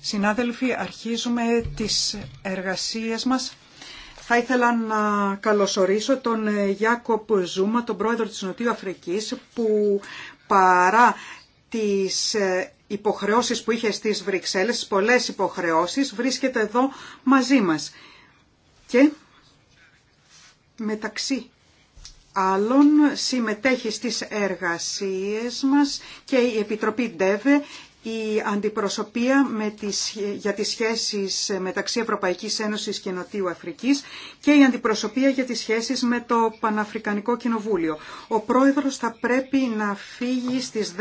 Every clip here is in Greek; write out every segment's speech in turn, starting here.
Συνάδελφοι, αρχίζουμε τις εργασίες μας. Θα ήθελα να καλωσορίσω τον ε, Γιάκοπ Ζούμα, τον πρόεδρο της Νοτιού Αφρικής, που παρά τις ε, υποχρεώσεις που είχε στις Βρυξέλλες, τις πολλές υποχρεώσεις, βρίσκεται εδώ μαζί μας. Και μεταξύ άλλων συμμετέχει στις εργασίες μας και η Επιτροπή Ντεβε η αντιπροσωπεία με τις, για τις σχέσεις μεταξύ Ευρωπαϊκής Ένωσης και Νοτιού Αφρικής και η αντιπροσωπεία για τις σχέσεις με το Παναφρικανικό Κοινοβούλιο. Ο πρόεδρος θα πρέπει να φύγει στις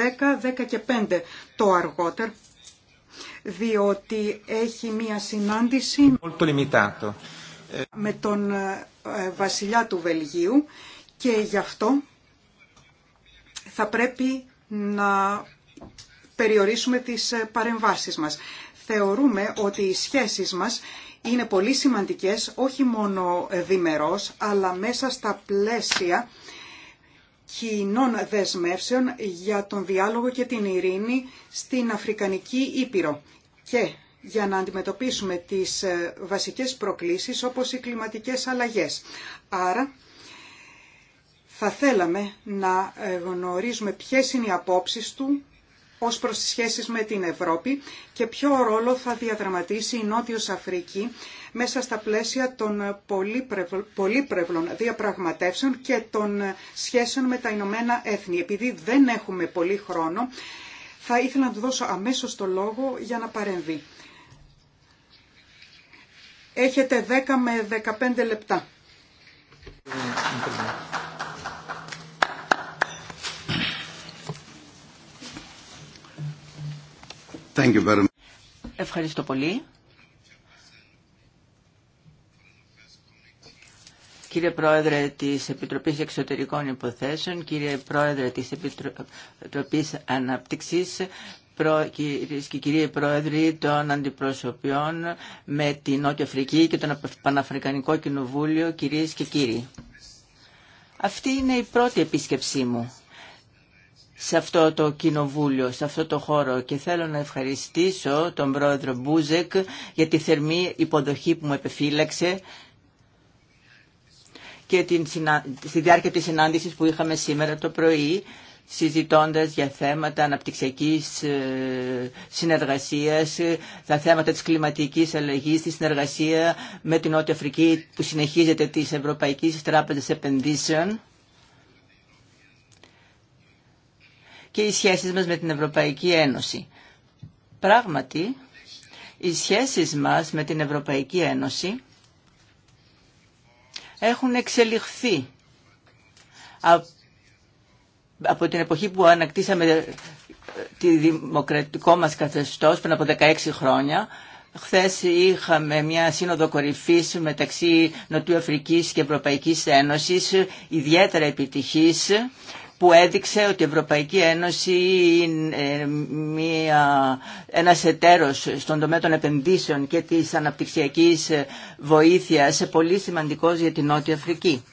10, 10 5 το αργότερο διότι έχει μία συνάντηση με τον ε, βασιλιά του Βελγίου και γι' αυτό θα πρέπει να περιορίσουμε τις ε, παρεμβάσεις μας. Θεωρούμε ότι οι σχέσεις μας είναι πολύ σημαντικές, όχι μόνο διμερός, αλλά μέσα στα πλαίσια κοινών δεσμεύσεων για τον διάλογο και την ειρήνη στην Αφρικανική Ήπειρο. Και για να αντιμετωπίσουμε τις ε, βασικές προκλήσεις όπως οι κλιματικές αλλαγές. Άρα θα θέλαμε να ε, γνωρίζουμε ποιες είναι οι απόψεις του ως προς τις σχέσεις με την Ευρώπη και ποιο ρόλο θα διαδραματίσει η Νότιος Αφρική μέσα στα πλαίσια των πολύπρευλων διαπραγματεύσεων και των σχέσεων με τα Ηνωμένα Έθνη. Επειδή δεν έχουμε πολύ χρόνο, θα ήθελα να του δώσω αμέσως το λόγο για να παρεμβεί. Έχετε 10 με 15 λεπτά. Ευχαριστώ πολύ. Κύριε Πρόεδρε της Επιτροπής Εξωτερικών Υποθέσεων, κύριε Πρόεδρε της Επιτροπής Ανάπτυξης, Κυρίε και κύριοι πρόεδροι των αντιπροσωπιών με την Νότια Αφρική και τον Παναφρικανικό Κοινοβούλιο, κυρίες και κύριοι. Αυτή είναι η πρώτη επίσκεψή μου σε αυτό το κοινοβούλιο, σε αυτό το χώρο και θέλω να ευχαριστήσω τον πρόεδρο Μπούζεκ για τη θερμή υποδοχή που μου επεφύλαξε και την, στη διάρκεια της συνάντησης που είχαμε σήμερα το πρωί συζητώντας για θέματα αναπτυξιακής ε, συνεργασίας, τα θέματα της κλιματικής αλλαγής, τη συνεργασία με την Νότια Αφρική που συνεχίζεται της Ευρωπαϊκής Τράπεζας Επενδύσεων. και οι σχέσεις μας με την Ευρωπαϊκή Ένωση. Πράγματι, οι σχέσεις μας με την Ευρωπαϊκή Ένωση έχουν εξελιχθεί από την εποχή που ανακτήσαμε ε, τη δημοκρατικό μας καθεστώς πριν από 16 χρόνια. Χθες είχαμε μια σύνοδο κορυφής μεταξύ Νοτιού Αφρικής και Ευρωπαϊκής Ένωσης, ιδιαίτερα επιτυχής που έδειξε ότι η Ευρωπαϊκή Ένωση είναι ε, μια, ένας εταίρος στον τομέα των επενδύσεων και της αναπτυξιακής βοήθειας πολύ σημαντικός για την Νότια Αφρική.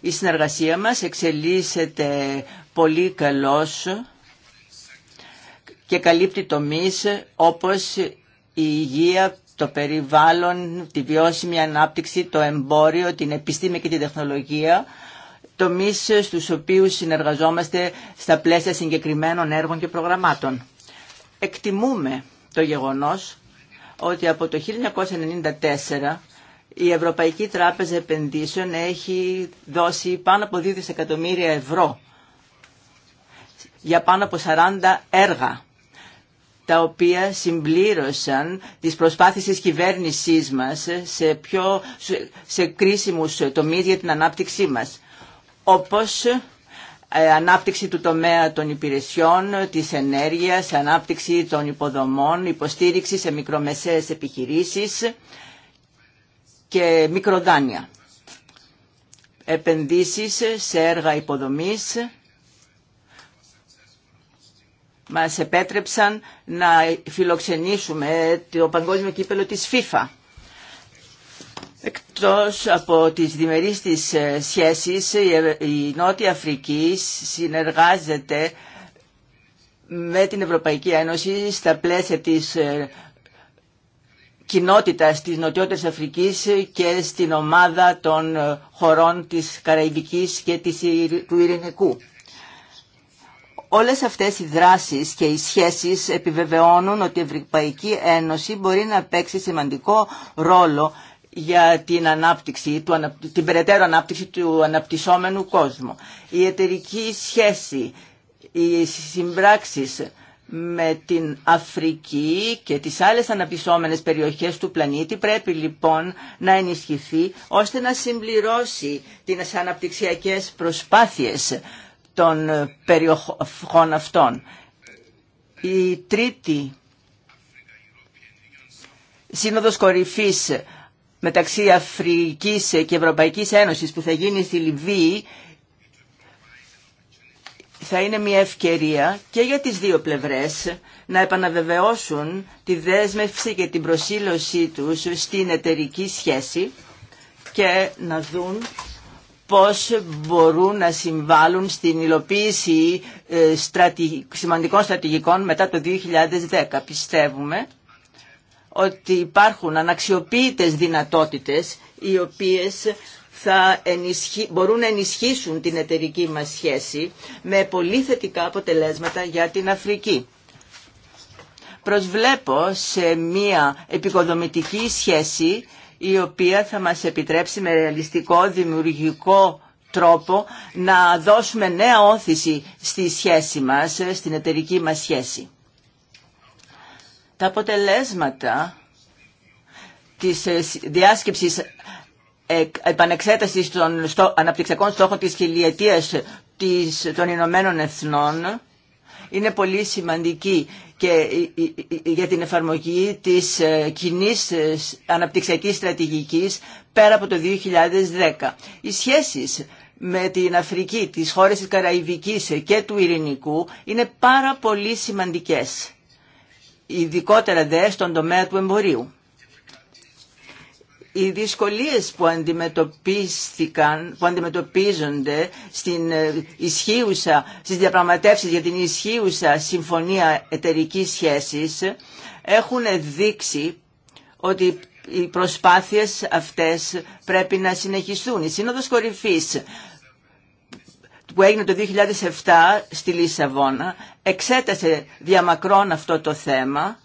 Η συνεργασία μας εξελίσσεται πολύ καλώς και καλύπτει τομείς όπως η υγεία, το περιβάλλον, τη βιώσιμη ανάπτυξη, το εμπόριο, την επιστήμη και την τεχνολογία Τομεί στου οποίους συνεργαζόμαστε στα πλαίσια συγκεκριμένων έργων και προγραμμάτων. Εκτιμούμε το γεγονός ότι από το 1994 η Ευρωπαϊκή Τράπεζα Επενδύσεων έχει δώσει πάνω από 2 δισεκατομμύρια ευρώ για πάνω από 40 έργα τα οποία συμπλήρωσαν τις προσπάθειες της κυβέρνησής μας σε, πιο, σε κρίσιμους τομείς για την ανάπτυξή μας όπως ε, ανάπτυξη του τομέα των υπηρεσιών, της ενέργειας, ανάπτυξη των υποδομών, υποστήριξη σε μικρομεσαίες επιχειρήσεις και μικροδάνεια. Επενδύσεις σε έργα υποδομής μας επέτρεψαν να φιλοξενήσουμε το παγκόσμιο κύπελο της FIFA Εκτός από τις διμερείς της ε, σχέσεις, ε, η Νότια Αφρική συνεργάζεται με την Ευρωπαϊκή Ένωση στα πλαίσια της ε, κοινότητας της Νοτιότερης Αφρικής και στην ομάδα των χωρών της Καραϊβικής και της, του Ειρηνικού. Όλες αυτές οι δράσεις και οι σχέσεις επιβεβαιώνουν ότι η Ευρωπαϊκή Ένωση μπορεί να παίξει σημαντικό ρόλο για την, ανάπτυξη, την περαιτέρω ανάπτυξη του αναπτυσσόμενου κόσμου. Η εταιρική σχέση, οι συμπράξεις με την Αφρική και τις άλλες αναπτυσσόμενες περιοχές του πλανήτη πρέπει λοιπόν να ενισχυθεί ώστε να συμπληρώσει τις αναπτυξιακές προσπάθειες των περιοχών αυτών. Η τρίτη Σύνοδος Κορυφής μεταξύ Αφρικής και Ευρωπαϊκής Ένωσης που θα γίνει στη Λιβύη θα είναι μια ευκαιρία και για τις δύο πλευρές να επαναβεβαιώσουν τη δέσμευση και την προσήλωσή τους στην εταιρική σχέση και να δουν πώς μπορούν να συμβάλλουν στην υλοποίηση ε, σημαντικών στρατηγικών μετά το 2010. Πιστεύουμε ότι υπάρχουν αναξιοποιητές δυνατότητες οι οποίες θα μπορούν να ενισχύσουν την εταιρική μας σχέση με πολύ θετικά αποτελέσματα για την Αφρική. Προσβλέπω σε μία επικοδομητική σχέση η οποία θα μας επιτρέψει με ρεαλιστικό, δημιουργικό τρόπο να δώσουμε νέα όθηση στη σχέση μας, στην εταιρική μας σχέση. Τα αποτελέσματα της ε, διάσκεψης ε, επανεξέτασης των αναπτυξιακών στόχων της χιλιετίας των Ηνωμένων Εθνών είναι πολύ σημαντική και για την εφαρμογή της ε, κοινή αναπτυξιακής στρατηγικής πέρα από το 2010. Οι σχέσεις με την Αφρική, τις χώρες της Καραϊβικής και του Ειρηνικού είναι πάρα πολύ σημαντικές ειδικότερα δε στον τομέα του εμπορίου. Οι δυσκολίες που, αντιμετωπίστηκαν, που αντιμετωπίζονται στην ε, ισχύουσα, στις διαπραγματεύσεις για την ισχύουσα συμφωνία εταιρικής σχέσης έχουν δείξει ότι οι προσπάθειες αυτές πρέπει να συνεχιστούν. Η Σύνοδος Κορυφής που έγινε το 2007 στη Λισαβόνα εξέτασε διαμακρών αυτό το θέμα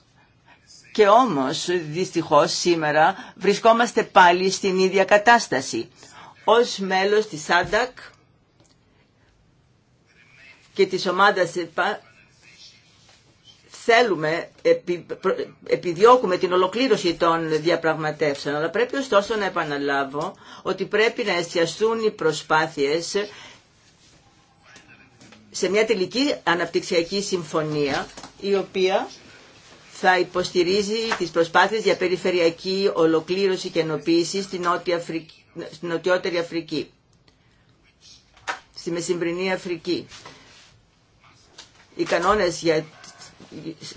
και όμως δυστυχώς σήμερα βρισκόμαστε πάλι στην ίδια κατάσταση. Ως μέλος της ΣΑΝΤΑΚ και της ομάδας θέλουμε, επιδιώκουμε την ολοκλήρωση των διαπραγματεύσεων, αλλά πρέπει ωστόσο να επαναλάβω ότι πρέπει να εστιαστούν οι προσπάθειες σε μια τελική αναπτυξιακή συμφωνία η οποία θα υποστηρίζει τις προσπάθειες για περιφερειακή ολοκλήρωση και ενοποίηση στην, Νότια Αφρική, στην Νοτιότερη Αφρική, στη Μεσημβρινή Αφρική. Οι κανόνες για,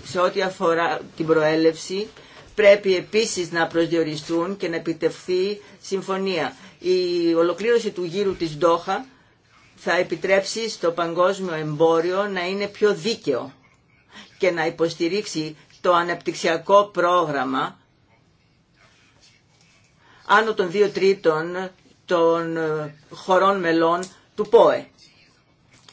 σε ό,τι αφορά την προέλευση πρέπει επίσης να προσδιοριστούν και να επιτευχθεί συμφωνία. Η ολοκλήρωση του γύρου της Ντόχα θα επιτρέψει στο παγκόσμιο εμπόριο να είναι πιο δίκαιο και να υποστηρίξει το αναπτυξιακό πρόγραμμα άνω των δύο τρίτων των ε, χωρών μελών του ΠΟΕ.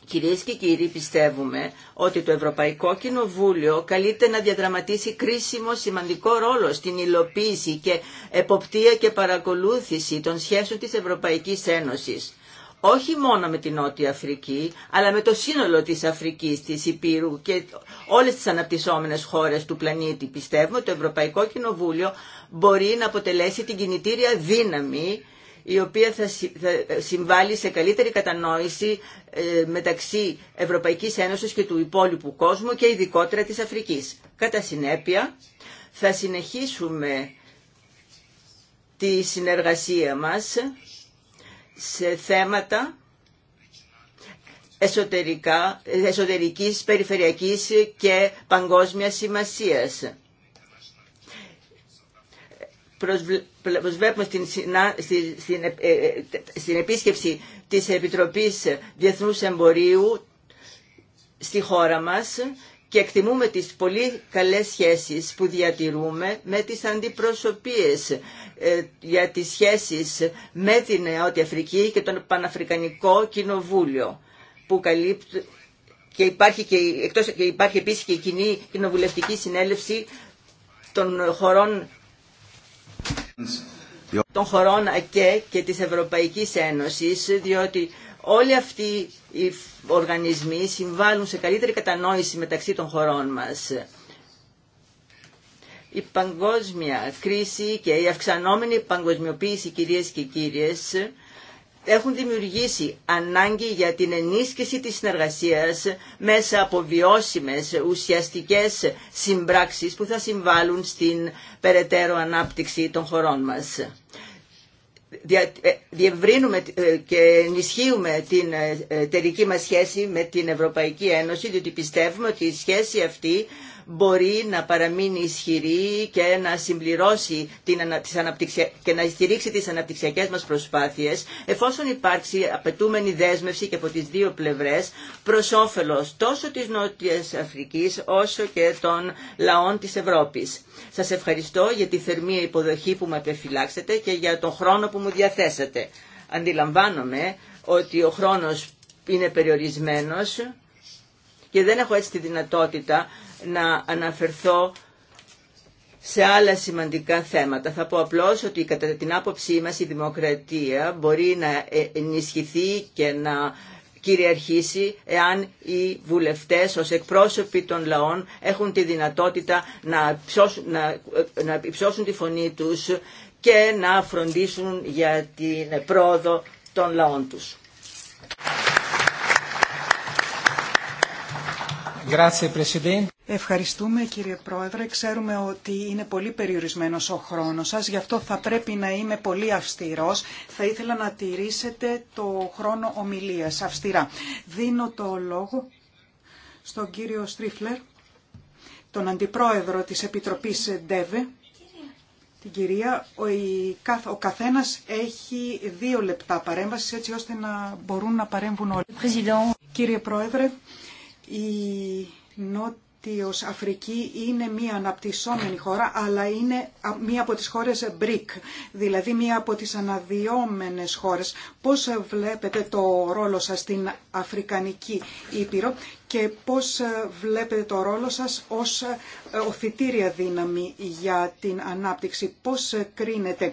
Κυρίες και κύριοι, πιστεύουμε ότι το Ευρωπαϊκό Κοινοβούλιο καλείται να διαδραματίσει κρίσιμο σημαντικό ρόλο στην υλοποίηση και εποπτεία και παρακολούθηση των σχέσεων της Ευρωπαϊκής Ένωσης όχι μόνο με την Νότια Αφρική, αλλά με το σύνολο της Αφρικής, της Υπήρου και όλες τις αναπτυσσόμενες χώρες του πλανήτη. Πιστεύουμε ότι το Ευρωπαϊκό Κοινοβούλιο μπορεί να αποτελέσει την κινητήρια δύναμη η οποία θα συμβάλλει σε καλύτερη κατανόηση ε, μεταξύ Ευρωπαϊκής Ένωσης και του υπόλοιπου κόσμου και ειδικότερα της Αφρικής. Κατά συνέπεια, θα συνεχίσουμε τη συνεργασία μας σε θέματα εσωτερικά, εσωτερικής, περιφερειακής και παγκόσμιας σημασίας. Προσβλέπουμε στην, ε, ε, στην επίσκεψη της Επιτροπής Διεθνούς Εμπορίου στη χώρα μας και εκτιμούμε τις πολύ καλές σχέσεις που διατηρούμε με τις αντιπροσωπείες ε, για τις σχέσεις με την Νεότια Αφρική και τον Παναφρικανικό Κοινοβούλιο που καλύπτει και υπάρχει, και, εκτός, και υπάρχει επίσης και η κοινή κοινοβουλευτική συνέλευση των χωρών των χωρών ΑΚΕ και της Ευρωπαϊκής Ένωσης, διότι Όλοι αυτοί οι οργανισμοί συμβάλλουν σε καλύτερη κατανόηση μεταξύ των χωρών μας. Η παγκόσμια κρίση και η αυξανόμενη παγκοσμιοποίηση, κυρίες και κύριες, έχουν δημιουργήσει ανάγκη για την ενίσχυση της συνεργασίας μέσα από βιώσιμες ουσιαστικές συμπράξεις που θα συμβάλλουν στην περαιτέρω ανάπτυξη των χωρών μας. Ε, διευρύνουμε ε, και ενισχύουμε την ε, εταιρική μας σχέση με την Ευρωπαϊκή Ένωση, διότι πιστεύουμε ότι η σχέση αυτή μπορεί να παραμείνει ισχυρή και να συμπληρώσει την, τις αναπτυξια... και να στηρίξει τις αναπτυξιακές μας προσπάθειες εφόσον υπάρξει απαιτούμενη δέσμευση και από τις δύο πλευρές προς όφελος τόσο της Νότιας Αφρικής όσο και των λαών της Ευρώπης. Σας ευχαριστώ για τη θερμία υποδοχή που με απεφυλάξετε και για τον χρόνο που μου διαθέσατε. Αντιλαμβάνομαι ότι ο χρόνος είναι περιορισμένος και δεν έχω έτσι τη δυνατότητα να αναφερθώ σε άλλα σημαντικά θέματα. Θα πω απλώς ότι κατά την άποψή μας η δημοκρατία μπορεί να ε, ενισχυθεί και να κυριαρχήσει εάν οι βουλευτές ως εκπρόσωποι των λαών έχουν τη δυνατότητα να ε, υψώσουν, τη φωνή τους και να φροντίσουν για την πρόοδο των λαών τους. Ευχαριστούμε κύριε Πρόεδρε. Ξέρουμε ότι είναι πολύ περιορισμένος ο χρόνος σας, γι' αυτό θα πρέπει να είμαι πολύ αυστηρός. Θα ήθελα να τηρήσετε το χρόνο ομιλίας αυστηρά. Δίνω το λόγο στον κύριο Στρίφλερ, τον Αντιπρόεδρο της Επιτροπής ΔΕΒΕ. Την κυρία, ο, καθένας έχει δύο λεπτά παρέμβασης έτσι ώστε να μπορούν να παρέμβουν όλοι. Κύριε Πρόεδρε, η Νότιος Αφρική είναι μία αναπτυσσόμενη χώρα, αλλά είναι μία από τις χώρες BRIC, δηλαδή μία από τις αναδυόμενες χώρες. Πώς βλέπετε το ρόλο σας στην Αφρικανική Ήπειρο και πώς βλέπετε το ρόλο σας ως ε, οθητήρια δύναμη για την ανάπτυξη. Πώς κρίνετε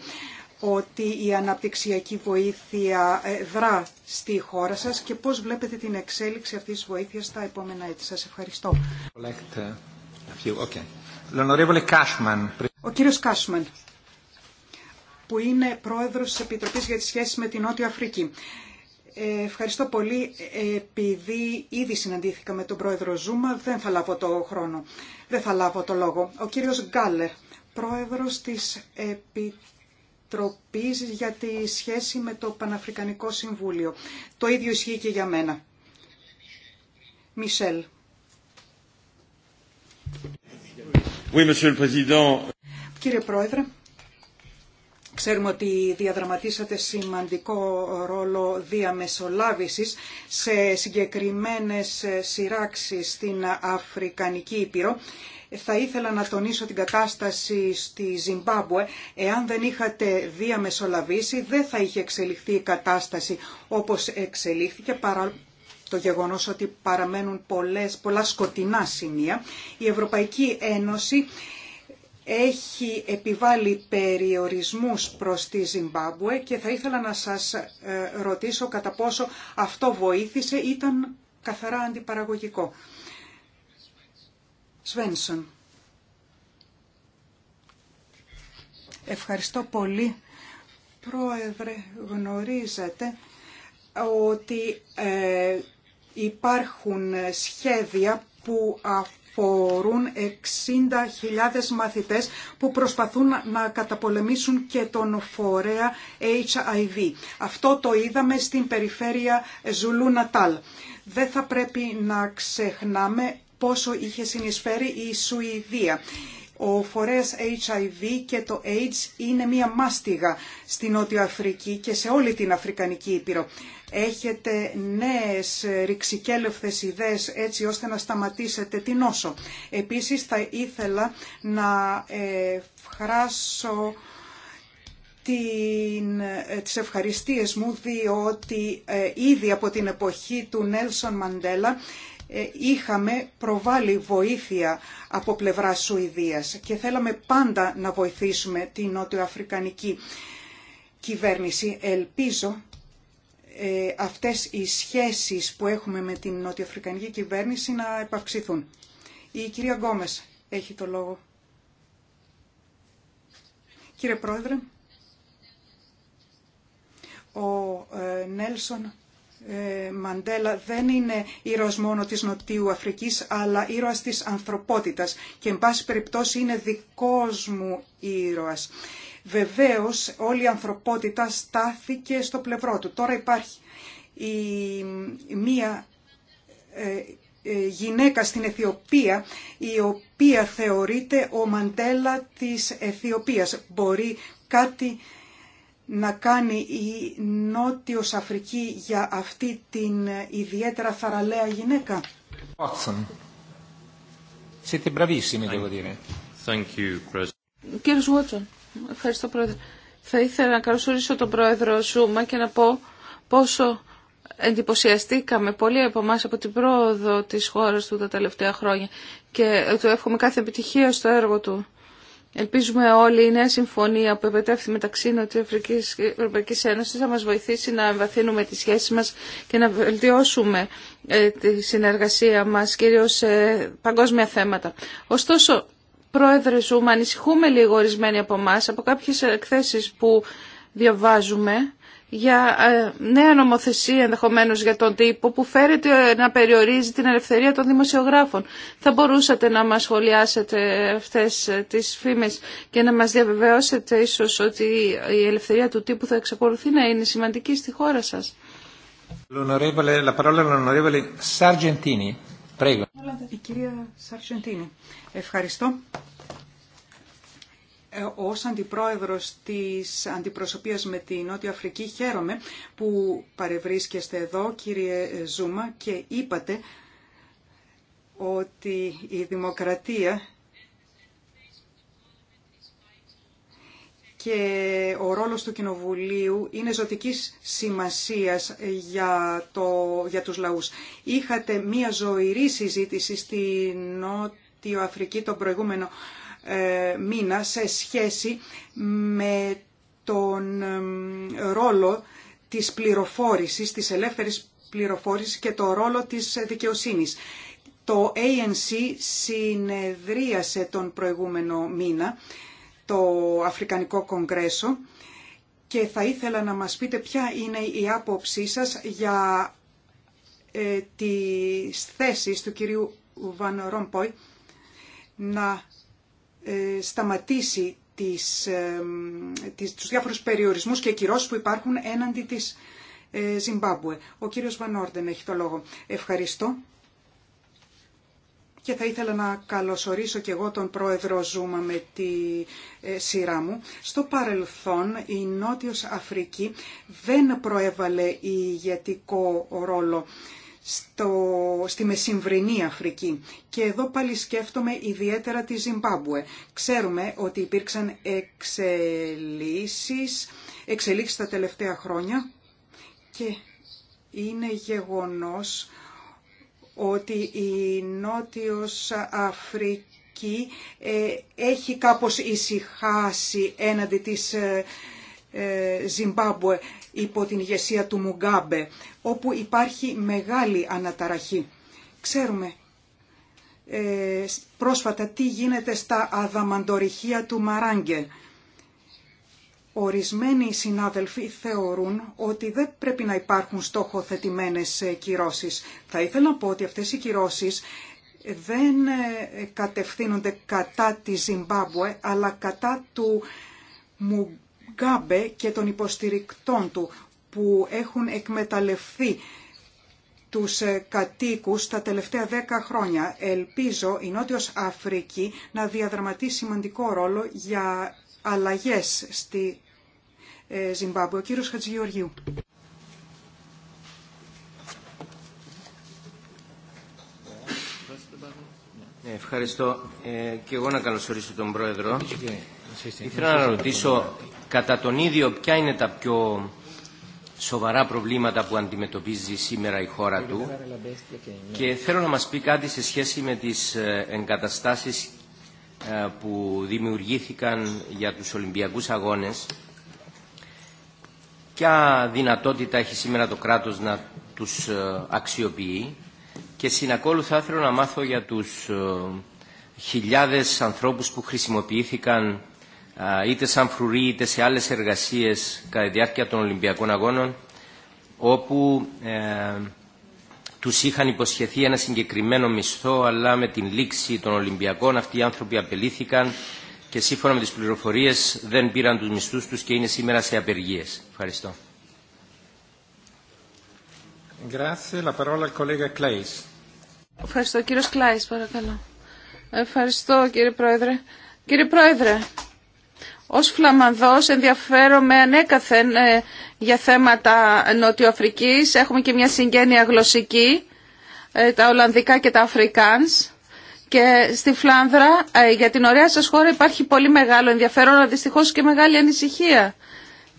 ότι η αναπτυξιακή βοήθεια ε, δρά στη χώρα σας και πώς βλέπετε την εξέλιξη αυτής της βοήθειας στα επόμενα έτη. Σας ευχαριστώ. Uh, Ο κύριος Κάσμαν, που είναι πρόεδρος της Επιτροπής για τις σχέσεις με την Νότια Αφρική. Ε, ευχαριστώ πολύ. Επειδή ήδη συναντήθηκα με τον πρόεδρο Ζούμα, δεν θα λάβω το χρόνο. Δεν θα λάβω το λόγο. Ο κύριος Γκάλερ, πρόεδρος της Επιτροπής για τη σχέση με το Παναφρικανικό Συμβούλιο. Το ίδιο ισχύει και για μένα. Oui, Κύριε Πρόεδρε, ξέρουμε ότι διαδραματίσατε σημαντικό ρόλο διαμεσολάβησης σε συγκεκριμένες σειράξεις στην Αφρικανική Ήπειρο θα ήθελα να τονίσω την κατάσταση στη Ζιμπάμπουε. Εάν δεν είχατε διαμεσολαβήσει δεν θα είχε εξελιχθεί η κατάσταση όπως εξελίχθηκε παρά το γεγονός ότι παραμένουν πολλές, πολλά σκοτεινά σημεία. Η Ευρωπαϊκή Ένωση έχει επιβάλει περιορισμούς προς τη Ζιμπάμπουε και θα ήθελα να σας ε, ρωτήσω κατά πόσο αυτό βοήθησε, ήταν καθαρά αντιπαραγωγικό. Σβένσον. Ευχαριστώ πολύ. Πρόεδρε, γνωρίζετε ότι ε, υπάρχουν σχέδια που αφορούν 60.000 μαθητές που προσπαθούν να καταπολεμήσουν και τον φορέα HIV. Αυτό το είδαμε στην περιφέρεια Ζουλού Νατάλ. Δεν θα πρέπει να ξεχνάμε πόσο είχε συνεισφέρει η Σουηδία. Ο φορέας HIV και το AIDS είναι μία μάστιγα στην Νότια Αφρική και σε όλη την Αφρικανική Ήπειρο. Έχετε νέες ρηξικέλευθες ιδέες έτσι ώστε να σταματήσετε την νόσο. Επίσης θα ήθελα να φράσω την, ε, τις ευχαριστίες μου διότι ε, ήδη από την εποχή του Νέλσον Μαντέλα ε, είχαμε προβάλλει βοήθεια από πλευρά Σουηδίας και θέλαμε πάντα να βοηθήσουμε την νοτιοαφρικανική κυβέρνηση. Ελπίζω ε, αυτές οι σχέσεις που έχουμε με την νοτιοαφρικανική κυβέρνηση να επαυξηθούν. Η κυρία Γκόμες έχει το λόγο. Κύριε Πρόεδρε, ο ε, Νέλσον ε, Μαντέλα δεν είναι ήρωας μόνο της Νοτιού Αφρικής, αλλά ήρωας της ανθρωπότητας και εν πάση περιπτώσει είναι δικός μου ήρωας. Βεβαίως όλη η ανθρωπότητα στάθηκε στο πλευρό του. Τώρα υπάρχει μία ε, ε, γυναίκα στην Αιθιοπία η οποία θεωρείται ο Μαντέλα της Αιθιοπίας. Μπορεί κάτι να κάνει η Νότιος Αφρική για αυτή την ιδιαίτερα θαραλέα γυναίκα. Κύριος Βότσον, ευχαριστώ πρόεδρε. Θα ήθελα να καλωσορίσω τον πρόεδρο Σούμα και να πω πόσο εντυπωσιαστήκαμε πολλοί από εμά από την πρόοδο της χώρας του τα τελευταία χρόνια και του εύχομαι κάθε επιτυχία στο έργο του. Ελπίζουμε όλοι η νέα συμφωνία που επετέφθη μεταξύ Νοτιοαφρική και Ευρωπαϊκή Ένωση θα μας βοηθήσει να εμβαθύνουμε τη σχέση μας και να βελτιώσουμε ε, τη συνεργασία μας, κυρίω σε παγκόσμια θέματα. Ωστόσο, Πρόεδρε Ζούμα, ανησυχούμε λίγο ορισμένοι από εμά από κάποιες εκθέσει που διαβάζουμε για ε, νέα νομοθεσία ενδεχομένως για τον τύπο που φέρεται να περιορίζει την ελευθερία των δημοσιογράφων. Θα μπορούσατε να μας σχολιάσετε αυτές ε, τις φήμες και να μας διαβεβαιώσετε ίσως ότι η ελευθερία του τύπου θα εξακολουθεί να είναι σημαντική στη χώρα σας. Η κυρία Ευχαριστώ. Ε, ως αντιπρόεδρος της αντιπροσωπείας με τη Νότια Αφρική χαίρομαι που παρευρίσκεστε εδώ κύριε Ζούμα και είπατε ότι η δημοκρατία και ο ρόλος του Κοινοβουλίου είναι ζωτικής σημασίας για, το, για τους λαούς. Είχατε μία ζωηρή συζήτηση στη Νότιο Αφρική τον προηγούμενο ε, μήνα σε σχέση με τον ρόλο της πληροφόρησης, της ελεύθερης πληροφόρησης και το ρόλο της δικαιοσύνης. Το ANC συνεδρίασε τον προηγούμενο μήνα το Αφρικανικό Κογκρέσο και θα ήθελα να μας πείτε ποια είναι η άποψή σας για ε, τις του κυρίου Βαν Ρομποϊ να ε, σταματήσει τις, ε, τις, τους διάφορους περιορισμούς και κυρώσεις που υπάρχουν έναντι της ε, Ζιμπάμπουε. Ο κύριος Βανόρντεν έχει το λόγο. Ευχαριστώ. Και θα ήθελα να καλωσορίσω και εγώ τον πρόεδρο Ζούμα με τη σειρά μου. Στο παρελθόν η Νότιος Αφρική δεν προέβαλε ηγετικό ρόλο στο, στη Μεσημβρινή Αφρική. Και εδώ πάλι σκέφτομαι ιδιαίτερα τη Ζιμπάμπουε. Ξέρουμε ότι υπήρξαν εξελίξεις, εξελίξεις τα τελευταία χρόνια και είναι γεγονός ότι η Νότιος Αφρική ε, έχει κάπως ησυχάσει έναντι της ε, ε, Ζιμπάμπουε υπό την ηγεσία του Μουγκάμπε, όπου υπάρχει μεγάλη αναταραχή. Ξέρουμε ε, πρόσφατα τι γίνεται στα αδαμαντοριχεία του Μαράγκε. Ορισμένοι συνάδελφοι θεωρούν ότι δεν πρέπει να υπάρχουν στόχοθετημένες ε, κυρώσεις. Θα ήθελα να πω ότι αυτές οι κυρώσεις δεν ε, κατευθύνονται κατά τη Ζιμπάμπουε, αλλά κατά του Γκάμπε και των υποστηρικτών του που έχουν εκμεταλλευτεί τους ε, κατοίκους τα τελευταία δέκα χρόνια. Ελπίζω η Νότιος Αφρική να διαδραματίσει σημαντικό ρόλο για αλλαγές στη ε, Ζιμπάμπου. Ο κύριος Χατζηγεωργίου. Ναι, ευχαριστώ. Ε, και εγώ να καλωσορίσω τον Πρόεδρο. Ήθελα να ρωτήσω κατά τον ίδιο ποια είναι τα πιο σοβαρά προβλήματα που αντιμετωπίζει σήμερα η χώρα του και θέλω να μας πει κάτι σε σχέση με τις ε, εγκαταστάσεις ε, που δημιουργήθηκαν για τους Ολυμπιακούς Αγώνες ποια δυνατότητα έχει σήμερα το κράτος να τους ε, αξιοποιεί και συνακόλουθα θέλω να μάθω για τους χιλιάδες ανθρώπους που χρησιμοποιήθηκαν είτε σαν φρουροί είτε σε άλλες εργασίες κατά τη διάρκεια των Ολυμπιακών Αγώνων όπου ε, τους είχαν υποσχεθεί ένα συγκεκριμένο μισθό αλλά με την λήξη των Ολυμπιακών αυτοί οι άνθρωποι απελήθηκαν και σύμφωνα με τις πληροφορίες δεν πήραν τους μισθούς τους και είναι σήμερα σε απεργίες. Ευχαριστώ. Ευχαριστώ Ευχαριστώ κύριε Πρόεδρε. Κύριε Πρόεδρε, ως Φλαμανδός ενδιαφέρομαι ανέκαθεν ε, για θέματα Νοτιοαφρικής. Έχουμε και μια συγγένεια γλωσσική, ε, τα Ολλανδικά και τα Αφρικάνς. Και στη Φλάνδρα ε, για την ωραία σας χώρα υπάρχει πολύ μεγάλο ενδιαφέρον, αλλά δυστυχώς και μεγάλη ανησυχία.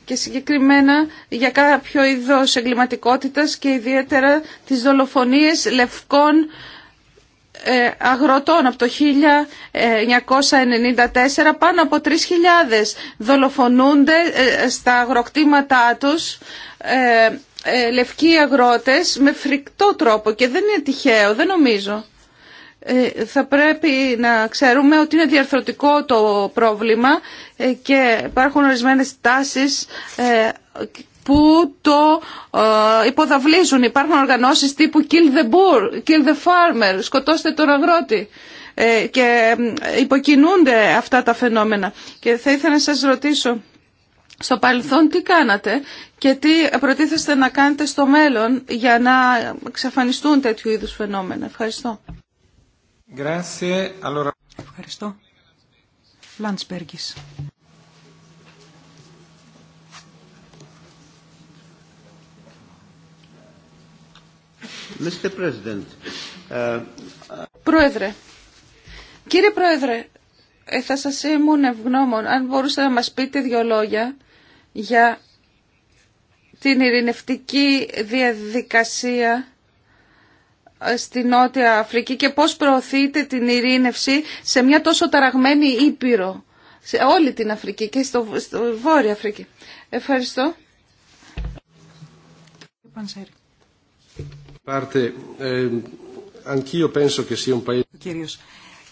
Και συγκεκριμένα για κάποιο είδος εγκληματικότητας και ιδιαίτερα τις δολοφονίες λευκών ε, αγροτών από το 1994 πάνω από 3.000 δολοφονούνται ε, στα αγροκτήματά τους ε, λευκοί αγρότες με φρικτό τρόπο και δεν είναι τυχαίο, δεν νομίζω. Θα πρέπει να ξέρουμε ότι είναι διαρθρωτικό το πρόβλημα και υπάρχουν ορισμένες τάσεις που το ε, υποδαβλίζουν. Υπάρχουν οργανώσεις τύπου Kill the Boor, Kill the Farmer, σκοτώστε τον αγρότη ε, και ε, υποκινούνται αυτά τα φαινόμενα. Και θα ήθελα να σας ρωτήσω, στο παρελθόν τι κάνατε και τι προτίθεστε να κάνετε στο μέλλον για να εξαφανιστούν τέτοιου είδους φαινόμενα. Ευχαριστώ. Ευχαριστώ. Uh, Πρόεδρε, κύριε Πρόεδρε, ε, θα σας ήμουν ευγνώμων αν μπορούσα να μας πείτε δύο λόγια για την ειρηνευτική διαδικασία ε, στη Νότια Αφρική και πώς προωθείτε την ειρήνευση σε μια τόσο ταραγμένη ήπειρο σε όλη την Αφρική και στο, στο Βόρεια Αφρική. Ευχαριστώ. Eh,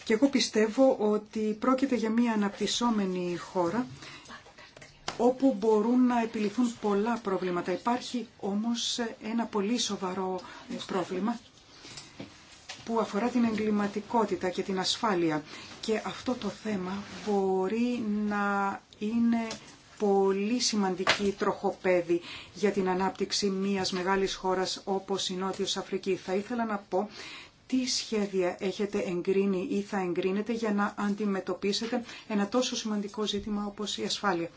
και εγώ πιστεύω ότι πρόκειται για μια αναπτυσσόμενη χώρα όπου μπορούν να επιληθούν πολλά προβλήματα. Υπάρχει όμως ένα πολύ σοβαρό πρόβλημα που αφορά την εγκληματικότητα και την ασφάλεια. Και αυτό το θέμα μπορεί να είναι πολύ σημαντική τροχοπέδη για την ανάπτυξη μιας μεγάλης χώρας όπως η Νότιος Αφρική. Θα ήθελα να πω τι σχέδια έχετε εγκρίνει ή θα εγκρίνετε για να αντιμετωπίσετε ένα τόσο σημαντικό ζήτημα όπως η ασφάλεια.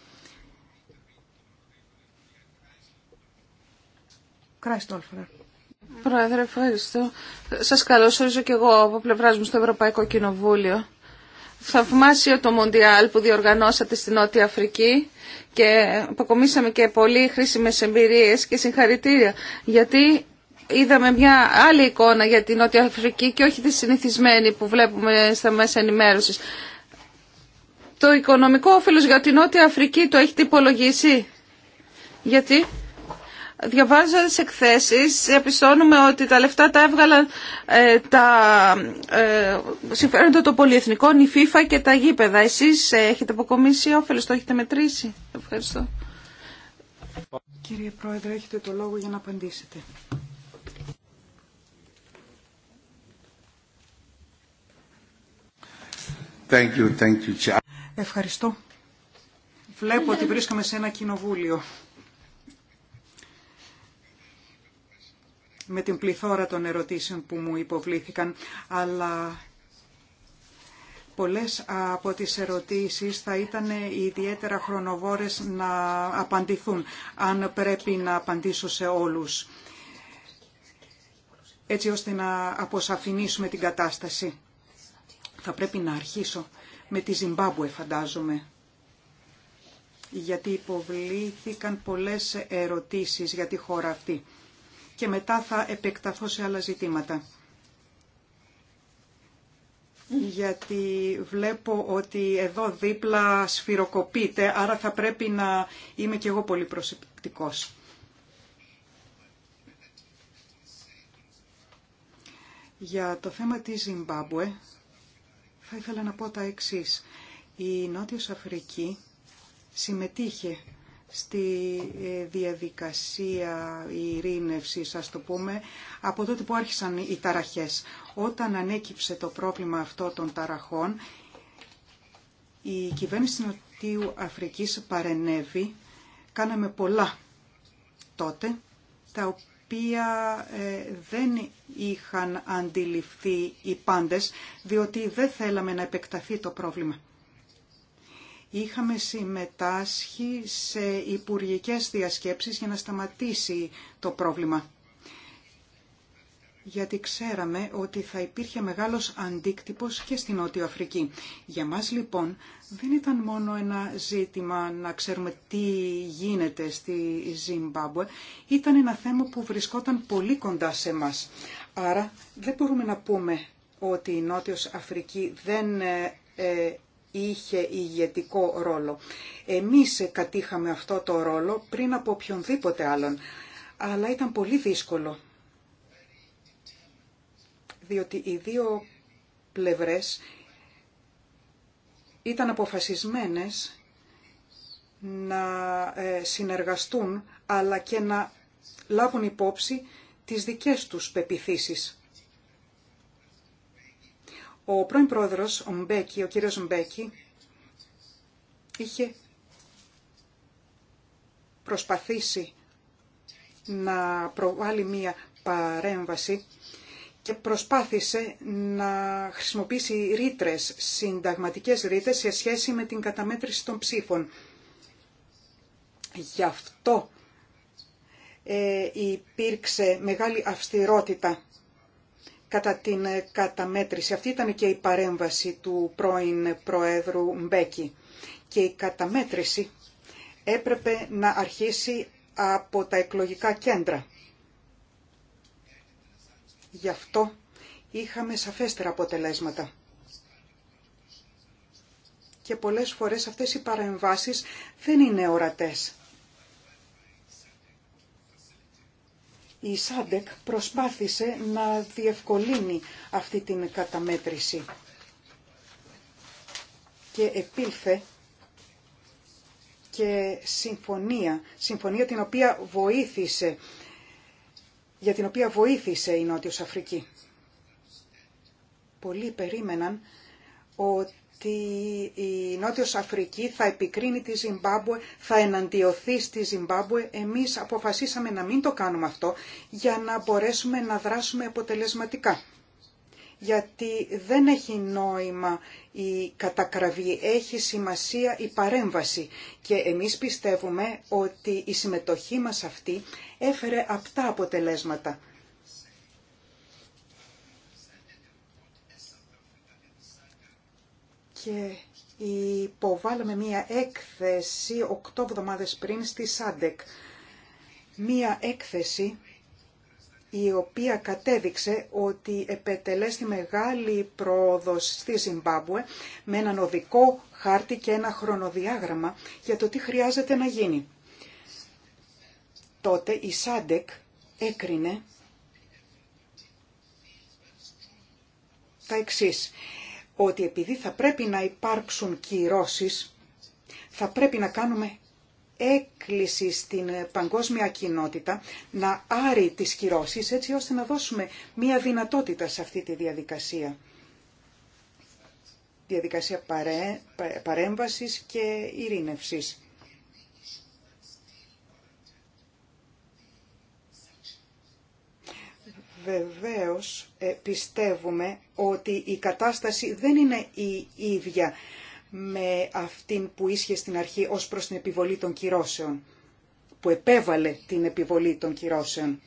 Πρόεδρε, ευχαριστώ. Σας καλωσορίζω και εγώ από πλευράς μου στο Ευρωπαϊκό Κοινοβούλιο θαυμάσιο το Μοντιάλ που διοργανώσατε στη Νότια Αφρική και αποκομίσαμε και πολύ χρήσιμες εμπειρίες και συγχαρητήρια γιατί είδαμε μια άλλη εικόνα για τη Νότια Αφρική και όχι τη συνηθισμένη που βλέπουμε στα μέσα ενημέρωσης. Το οικονομικό όφελος για τη Νότια Αφρική το έχετε υπολογίσει. Γιατί Διαβάζοντας εκθέσει, επιστώνουμε ότι τα λεφτά τα έβγαλαν ε, τα ε, συμφέροντα των πολυεθνικών, η FIFA και τα γήπεδα. Εσείς ε, έχετε αποκομίσει όφελος, το έχετε μετρήσει. Ευχαριστώ. Κύριε Πρόεδρε, έχετε το λόγο για να απαντήσετε. Ευχαριστώ. Βλέπω ότι βρίσκομαι σε ένα κοινοβούλιο με την πληθώρα των ερωτήσεων που μου υποβλήθηκαν, αλλά πολλές από τις ερωτήσεις θα ήταν ιδιαίτερα χρονοβόρες να απαντηθούν, αν πρέπει να απαντήσω σε όλους, έτσι ώστε να αποσαφηνίσουμε την κατάσταση. Θα πρέπει να αρχίσω με τη Ζιμπάμπουε, φαντάζομαι γιατί υποβλήθηκαν πολλές ερωτήσεις για τη χώρα αυτή και μετά θα επεκταθώ σε άλλα ζητήματα. Γιατί βλέπω ότι εδώ δίπλα σφυροκοπείται, άρα θα πρέπει να είμαι κι εγώ πολύ προσεκτικός. Για το θέμα της Ζιμπάμπουε θα ήθελα να πω τα εξής. Η Νότιος Αφρική συμμετείχε στη ε, διαδικασία ειρήνευση, ας το πούμε, από τότε που άρχισαν οι ταραχές. Όταν ανέκυψε το πρόβλημα αυτό των ταραχών, η κυβέρνηση Νοτιού Αφρικής παρενέβη. Κάναμε πολλά τότε, τα οποία ε, δεν είχαν αντιληφθεί οι πάντες, διότι δεν θέλαμε να επεκταθεί το πρόβλημα είχαμε συμμετάσχει σε υπουργικές διασκέψεις για να σταματήσει το πρόβλημα. Γιατί ξέραμε ότι θα υπήρχε μεγάλος αντίκτυπος και στην Νότιο Αφρική. Για μας λοιπόν δεν ήταν μόνο ένα ζήτημα να ξέρουμε τι γίνεται στη Ζιμπάμπουε, ήταν ένα θέμα που βρισκόταν πολύ κοντά σε μας. Άρα δεν μπορούμε να πούμε ότι η Νότιος Αφρική δεν ε, ε, είχε ηγετικό ρόλο. Εμείς κατήχαμε αυτό το ρόλο πριν από οποιονδήποτε άλλον, αλλά ήταν πολύ δύσκολο, διότι οι δύο πλευρές ήταν αποφασισμένες να ε, συνεργαστούν αλλά και να λάβουν υπόψη τις δικές τους πεπιθήσεις. Ο πρώην πρόεδρος, ο Μπέκη, ο κύριος Μπέκη, είχε προσπαθήσει να προβάλλει μία παρέμβαση και προσπάθησε να χρησιμοποιήσει ρήτρες, συνταγματικές ρήτρες σε σχέση με την καταμέτρηση των ψήφων. Γι' αυτό ε, υπήρξε μεγάλη αυστηρότητα κατά την ε, καταμέτρηση. Αυτή ήταν και η παρέμβαση του πρώην Προέδρου Μπέκη. Και η καταμέτρηση έπρεπε να αρχίσει από τα εκλογικά κέντρα. Γι' αυτό είχαμε σαφέστερα αποτελέσματα. Και πολλές φορές αυτές οι παρεμβάσεις δεν είναι ορατές. η ΣΑΝΤΕΚ προσπάθησε να διευκολύνει αυτή την καταμέτρηση και επήλθε και συμφωνία, συμφωνία την οποία βοήθησε, για την οποία βοήθησε η Νότιος Αφρική. Πολλοί περίμεναν ότι ότι η Νότιος Αφρική θα επικρίνει τη Ζιμπάμπουε, θα εναντιωθεί στη Ζιμπάμπουε. Εμείς αποφασίσαμε να μην το κάνουμε αυτό για να μπορέσουμε να δράσουμε αποτελεσματικά. Γιατί δεν έχει νόημα η κατακραυγή, έχει σημασία η παρέμβαση. Και εμείς πιστεύουμε ότι η συμμετοχή μας αυτή έφερε αυτά αποτελέσματα. και υποβάλαμε μία έκθεση οκτώ εβδομάδες πριν στη ΣΑΝΤΕΚ. Μία έκθεση η οποία κατέδειξε ότι επετελέστη μεγάλη πρόοδο στη Ζιμπάμπουε με έναν οδικό χάρτη και ένα χρονοδιάγραμμα για το τι χρειάζεται να γίνει. Τότε η ΣΑΝΤΕΚ έκρινε τα εξής ότι επειδή θα πρέπει να υπάρξουν κυρώσεις, θα πρέπει να κάνουμε έκκληση στην παγκόσμια κοινότητα να άρει τις κυρώσεις έτσι ώστε να δώσουμε μία δυνατότητα σε αυτή τη διαδικασία. Διαδικασία παρέ, παρέμβασης και ειρήνευσης. Βεβαίως ε, πιστεύουμε ότι η κατάσταση δεν είναι η ίδια με αυτήν που ίσχυε στην αρχή ως προς την επιβολή των κυρώσεων, που επέβαλε την επιβολή των κυρώσεων.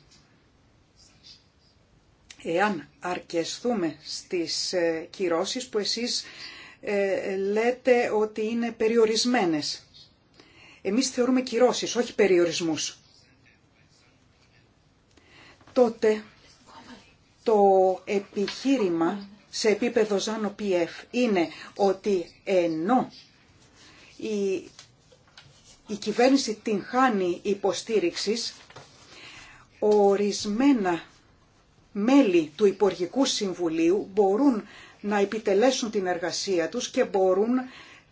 Εάν αρκεστούμε στις ε, κυρώσεις που εσείς ε, λέτε ότι είναι περιορισμένες. Εμείς θεωρούμε κυρώσεις, όχι περιορισμούς. Τότε το επιχείρημα σε επίπεδο Ζάνο ΠΙΕΦ είναι ότι ενώ η, η κυβέρνηση την χάνει υποστήριξης, ορισμένα μέλη του Υπουργικού Συμβουλίου μπορούν να επιτελέσουν την εργασία τους και μπορούν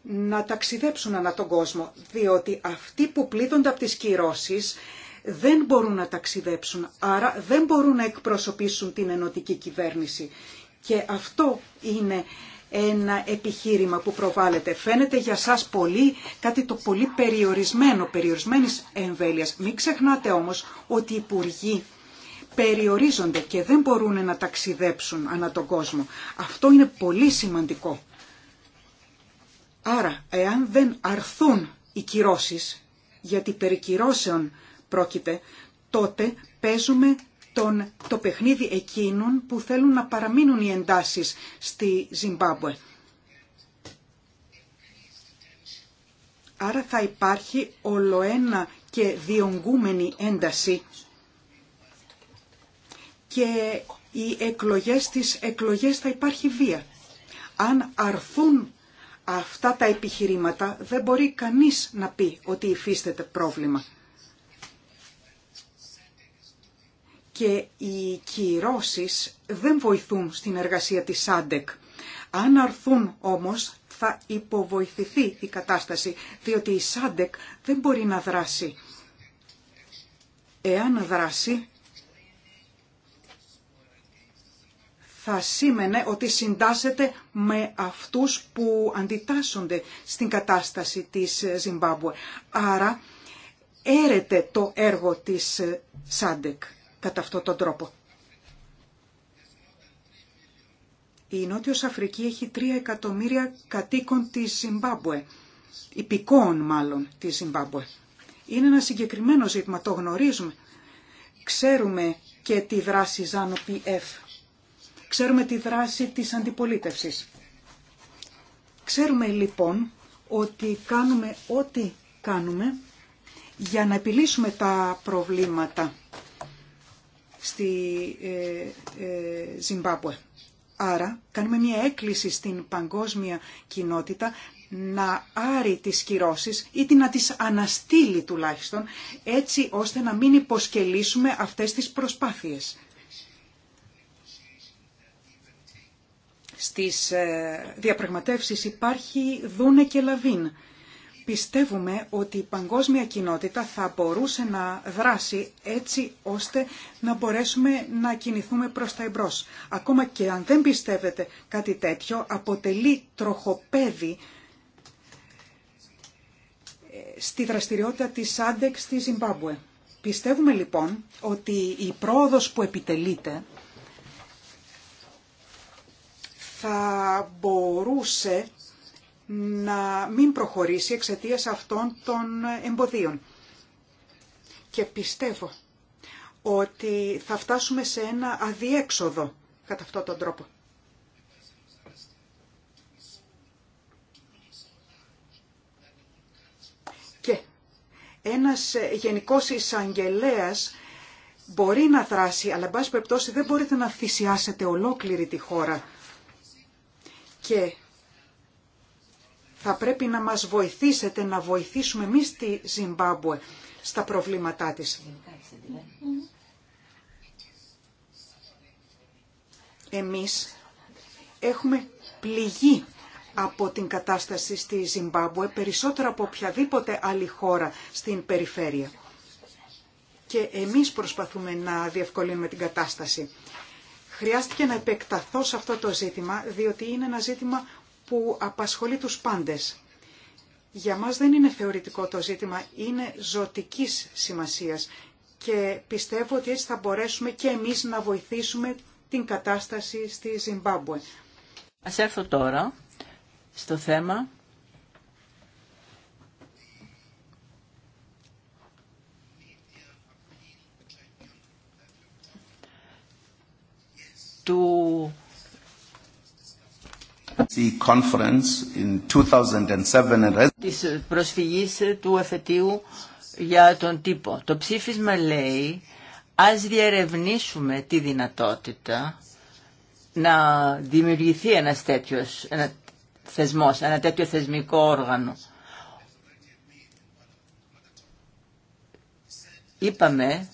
να ταξιδέψουν ανά τον κόσμο, διότι αυτοί που πλήττονται από τις κυρώσεις δεν μπορούν να ταξιδέψουν, άρα δεν μπορούν να εκπροσωπήσουν την ενωτική κυβέρνηση. Και αυτό είναι ένα επιχείρημα που προβάλλεται. Φαίνεται για σας πολύ κάτι το πολύ περιορισμένο, περιορισμένης εμβέλειας. Μην ξεχνάτε όμως ότι οι υπουργοί περιορίζονται και δεν μπορούν να ταξιδέψουν ανά τον κόσμο. Αυτό είναι πολύ σημαντικό. Άρα, εάν δεν αρθούν οι κυρώσεις, γιατί περί κυρώσεων πρόκειται, τότε παίζουμε τον, το παιχνίδι εκείνων που θέλουν να παραμείνουν οι εντάσεις στη Ζιμπάμπουε. Άρα θα υπάρχει ολοένα και διονγκούμενη ένταση και οι εκλογές της εκλογές θα υπάρχει βία. Αν αρθούν αυτά τα επιχειρήματα δεν μπορεί κανείς να πει ότι υφίσταται πρόβλημα. και οι κυρώσεις δεν βοηθούν στην εργασία της ΣΑΝΤΕΚ. Αν αρθούν όμως θα υποβοηθηθεί η κατάσταση, διότι η ΣΑΝΤΕΚ δεν μπορεί να δράσει. Εάν δράσει θα σήμαινε ότι συντάσσεται με αυτούς που αντιτάσσονται στην κατάσταση της Ζιμπάμπουε. Άρα έρεται το έργο της ΣΑΝΤΕΚ κατά αυτόν τον τρόπο. Η Νότιος Αφρική έχει 3 εκατομμύρια κατοίκων της Ζιμπάμπουε, υπηκόων μάλλον της Ζιμπάμπουε. Είναι ένα συγκεκριμένο ζήτημα, το γνωρίζουμε. Ξέρουμε και τη δράση Ζάνο ΠΙΕΦ. Ξέρουμε τη δράση της αντιπολίτευσης. Ξέρουμε λοιπόν ότι κάνουμε ό,τι κάνουμε για να επιλύσουμε τα προβλήματα στη ε, ε, Ζιμπάμπουε. Άρα κάνουμε μια έκκληση στην παγκόσμια κοινότητα να άρει τις κυρώσεις ή να τις αναστείλει τουλάχιστον έτσι ώστε να μην υποσκελίσουμε αυτές τις προσπάθειες. Στις ε, διαπραγματεύσεις υπάρχει δούνε και λαβίν πιστεύουμε ότι η παγκόσμια κοινότητα θα μπορούσε να δράσει έτσι ώστε να μπορέσουμε να κινηθούμε προς τα εμπρός. Ακόμα και αν δεν πιστεύετε κάτι τέτοιο, αποτελεί τροχοπέδι ε, στη δραστηριότητα της Άντεξ στη Ζιμπάμπουε. Πιστεύουμε λοιπόν ότι η πρόοδος που επιτελείται θα μπορούσε να μην προχωρήσει εξαιτίας αυτών των εμποδίων. Και πιστεύω ότι θα φτάσουμε σε ένα αδιέξοδο κατά αυτόν τον τρόπο. Και ένας γενικός εισαγγελέα μπορεί να δράσει, αλλά εν πάση περιπτώσει δεν μπορείτε να θυσιάσετε ολόκληρη τη χώρα. Και θα πρέπει να μας βοηθήσετε να βοηθήσουμε εμεί τη Ζιμπάμπουε στα προβλήματά της. Εμείς έχουμε πληγή από την κατάσταση στη Ζιμπάμπουε περισσότερο από οποιαδήποτε άλλη χώρα στην περιφέρεια. Και εμείς προσπαθούμε να διευκολύνουμε την κατάσταση. Χρειάστηκε να επεκταθώ σε αυτό το ζήτημα, διότι είναι ένα ζήτημα που απασχολεί τους πάντες. Για μας δεν είναι θεωρητικό το ζήτημα, είναι ζωτικής σημασίας και πιστεύω ότι έτσι θα μπορέσουμε και εμείς να βοηθήσουμε την κατάσταση στη Ζιμπάμπουε. Ας έρθω τώρα στο θέμα του της προσφυγής ε, του εφετείου για τον τύπο. Το ψήφισμα λέει ας διερευνήσουμε τη δυνατότητα να δημιουργηθεί ένα τέτοιο ένα θεσμός, ένα τέτοιο θεσμικό όργανο. Είπαμε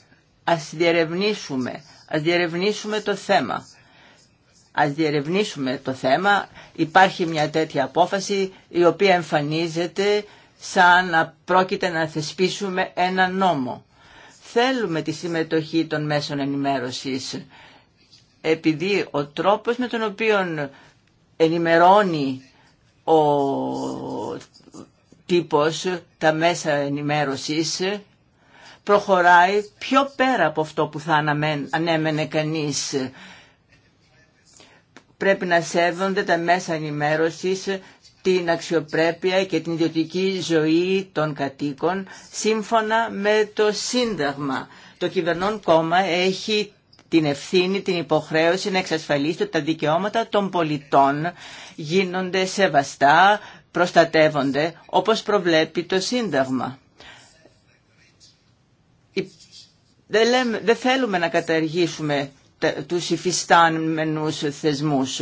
ας διερευνήσουμε, ας διερευνήσουμε το θέμα. Ας διερευνήσουμε το θέμα. Υπάρχει μια τέτοια απόφαση η οποία εμφανίζεται σαν να πρόκειται να θεσπίσουμε ένα νόμο. Θέλουμε τη συμμετοχή των μέσων ενημέρωσης επειδή ο τρόπος με τον οποίο ενημερώνει ο τύπος τα μέσα ενημέρωσης προχωράει πιο πέρα από αυτό που θα ανέμενε κανείς πρέπει να σέβονται τα μέσα ενημέρωση την αξιοπρέπεια και την ιδιωτική ζωή των κατοίκων σύμφωνα με το Σύνταγμα. Το κυβερνών κόμμα έχει την ευθύνη, την υποχρέωση να εξασφαλίσει ότι τα δικαιώματα των πολιτών γίνονται σεβαστά, προστατεύονται όπως προβλέπει το Σύνταγμα. δεν θέλουμε να καταργήσουμε τους υφιστάμενους θεσμούς.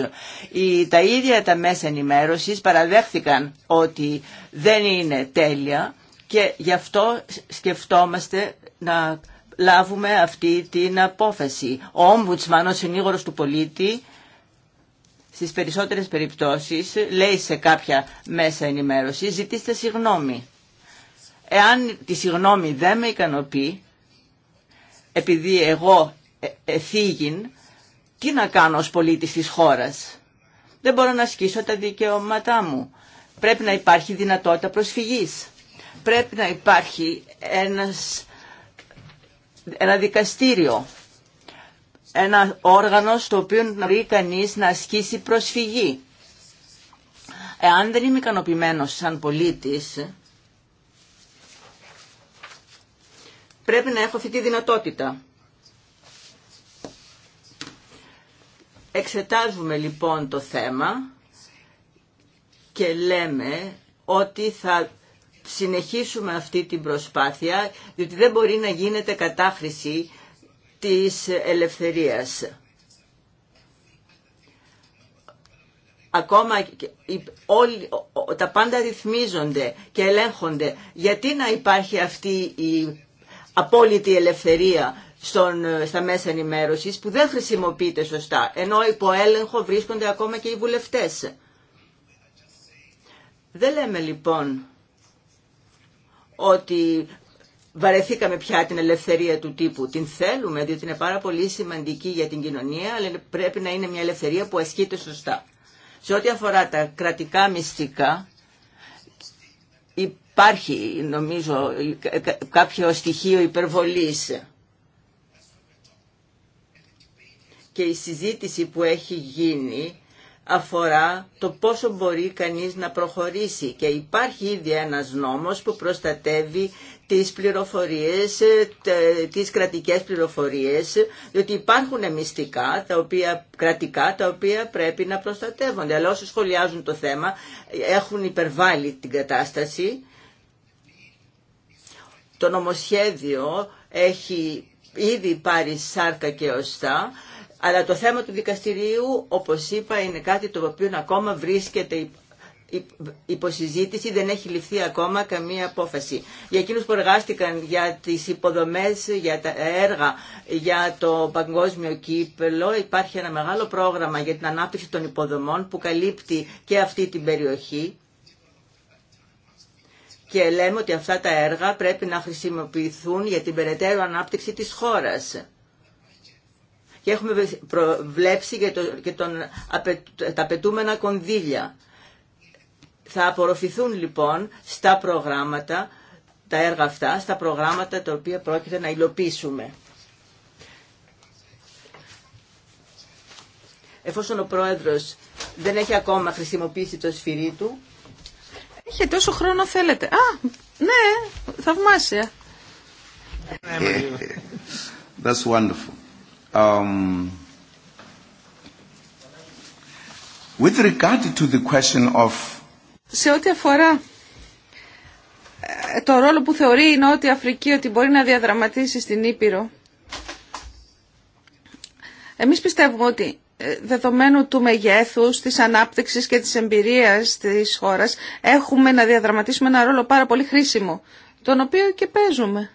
Η τα ίδια τα μέσα ενημέρωσης παραδέχθηκαν ότι δεν είναι τέλεια και γι' αυτό σκεφτόμαστε να λάβουμε αυτή την απόφαση. Ο Ombudsman, ο συνήγορος του πολίτη, στις περισσότερες περιπτώσεις λέει σε κάποια μέσα ενημέρωση ζητήστε συγγνώμη. Εάν τη συγγνώμη δεν με ικανοποιεί, επειδή εγώ εθίγην, τι να κάνω ως πολίτης της χώρας. Δεν μπορώ να ασκήσω τα δικαιώματά μου. Πρέπει να υπάρχει δυνατότητα προσφυγής. Πρέπει να υπάρχει ένα δικαστήριο, ένα όργανο στο οποίο να μπορεί κανείς να ασκήσει προσφυγή. Εάν δεν είμαι ικανοποιημένο σαν πολίτης, πρέπει να έχω αυτή τη δυνατότητα. Εξετάζουμε λοιπόν το θέμα και λέμε ότι θα συνεχίσουμε αυτή την προσπάθεια διότι δεν μπορεί να γίνεται κατάχρηση της ελευθερίας. Ακόμα όλοι, τα πάντα ρυθμίζονται και ελέγχονται. Γιατί να υπάρχει αυτή η απόλυτη ελευθερία στον, ε, στα μέσα ενημέρωσης που δεν χρησιμοποιείται σωστά, ενώ υπό έλεγχο βρίσκονται ακόμα και οι βουλευτές. Δεν λέμε λοιπόν ότι βαρεθήκαμε πια την ελευθερία του τύπου. Την θέλουμε διότι είναι πάρα πολύ σημαντική για την κοινωνία, αλλά πρέπει να είναι μια ελευθερία που ασκείται σωστά. Σε ό,τι αφορά τα κρατικά μυστικά, υπάρχει νομίζω κάποιο στοιχείο υπερβολής και η συζήτηση που έχει γίνει αφορά το πόσο μπορεί κανείς να προχωρήσει και υπάρχει ήδη ένας νόμος που προστατεύει τις πληροφορίες, τις κρατικές πληροφορίες, διότι υπάρχουν μυστικά, τα οποία, κρατικά, τα οποία πρέπει να προστατεύονται. Αλλά όσοι σχολιάζουν το θέμα έχουν υπερβάλει την κατάσταση. Το νομοσχέδιο έχει ήδη πάρει σάρκα και οστά αλλά το θέμα του δικαστηρίου, όπως είπα, είναι κάτι το οποίο ακόμα βρίσκεται υποσυζήτηση, δεν έχει ληφθεί ακόμα καμία απόφαση. Για εκείνους που εργάστηκαν για τις υποδομές, για τα έργα, για το παγκόσμιο κύπελο, υπάρχει ένα μεγάλο πρόγραμμα για την ανάπτυξη των υποδομών που καλύπτει και αυτή την περιοχή. Και λέμε ότι αυτά τα έργα πρέπει να χρησιμοποιηθούν για την περαιτέρω ανάπτυξη της χώρας και έχουμε προβλέψει και, και τον, τα απαιτούμενα κονδύλια. Θα απορροφηθούν λοιπόν στα προγράμματα, τα έργα αυτά, στα προγράμματα τα οποία πρόκειται να υλοποιήσουμε. Εφόσον ο Πρόεδρος δεν έχει ακόμα χρησιμοποιήσει το σφυρί του... Έχετε όσο χρόνο θέλετε. Α, ναι, θαυμάσια. That's wonderful. Um, the of... Σε ό,τι αφορά ε, το ρόλο που θεωρεί η Νότια Αφρική ότι μπορεί να διαδραματίσει στην Ήπειρο, εμείς πιστεύουμε ότι ε, δεδομένου του μεγέθους, της ανάπτυξης και της εμπειρίας της χώρας έχουμε να διαδραματίσουμε ένα ρόλο πάρα πολύ χρήσιμο, τον οποίο και παίζουμε.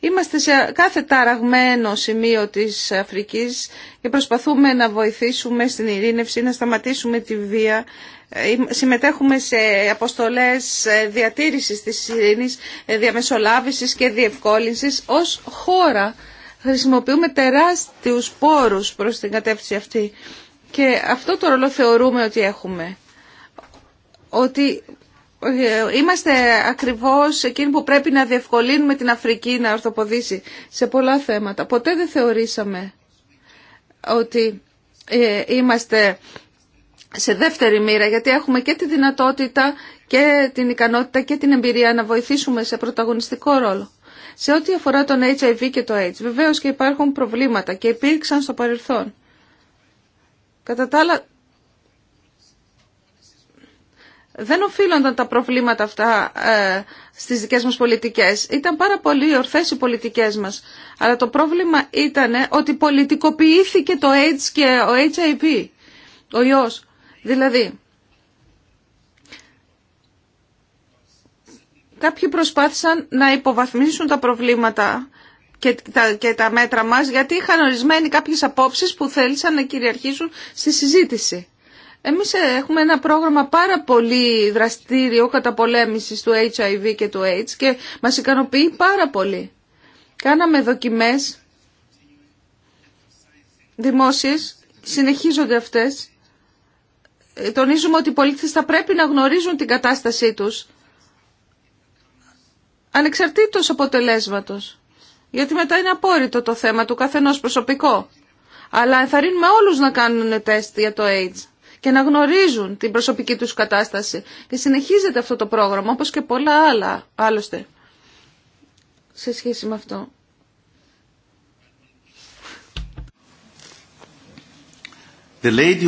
Είμαστε σε κάθε ταραγμένο σημείο της Αφρικής και προσπαθούμε να βοηθήσουμε στην ειρήνευση, να σταματήσουμε τη βία. Ε, συμμετέχουμε σε αποστολές ε, διατήρησης της ειρήνης, ε, διαμεσολάβησης και διευκόλυνσης ως χώρα. Χρησιμοποιούμε τεράστιους πόρους προς την κατεύθυνση αυτή. Και αυτό το ρόλο θεωρούμε ότι έχουμε. Ότι ε, είμαστε ακριβώς εκείνοι που πρέπει να διευκολύνουμε την Αφρική να ορθοποδήσει σε πολλά θέματα. Ποτέ δεν θεωρήσαμε ότι ε, είμαστε σε δεύτερη μοίρα γιατί έχουμε και τη δυνατότητα και την ικανότητα και την εμπειρία να βοηθήσουμε σε πρωταγωνιστικό ρόλο. Σε ό,τι αφορά τον HIV και το AIDS, βεβαίως και υπάρχουν προβλήματα και υπήρξαν στο παρελθόν. Κατά τα άλλα, δεν οφείλονταν τα προβλήματα αυτά ε, στις δικές μας πολιτικές. Ήταν πάρα πολύ ορθές οι πολιτικές μας. Αλλά το πρόβλημα ήταν ότι πολιτικοποιήθηκε το AIDS και ο HIV, ο ιός. Δηλαδή, κάποιοι προσπάθησαν να υποβαθμίσουν τα προβλήματα και τα, και τα μέτρα μας, γιατί είχαν ορισμένοι κάποιες απόψεις που θέλησαν να κυριαρχήσουν στη συζήτηση. Εμείς ε, έχουμε ένα πρόγραμμα πάρα πολύ δραστήριο πολέμησης του HIV και του AIDS και μας ικανοποιεί πάρα πολύ. Κάναμε δοκιμές δημόσιες, συνεχίζονται αυτές. Ε, τονίζουμε ότι οι πολίτες θα πρέπει να γνωρίζουν την κατάστασή τους ανεξαρτήτως αποτελέσματος. Γιατί μετά είναι απόρριτο το θέμα του καθενός προσωπικό. Αλλά ενθαρρύνουμε όλους να κάνουν τεστ για το AIDS και να γνωρίζουν την προσωπική τους κατάσταση. Και συνεχίζεται αυτό το πρόγραμμα, όπως και πολλά άλλα, άλλωστε, σε σχέση με αυτό. The lady...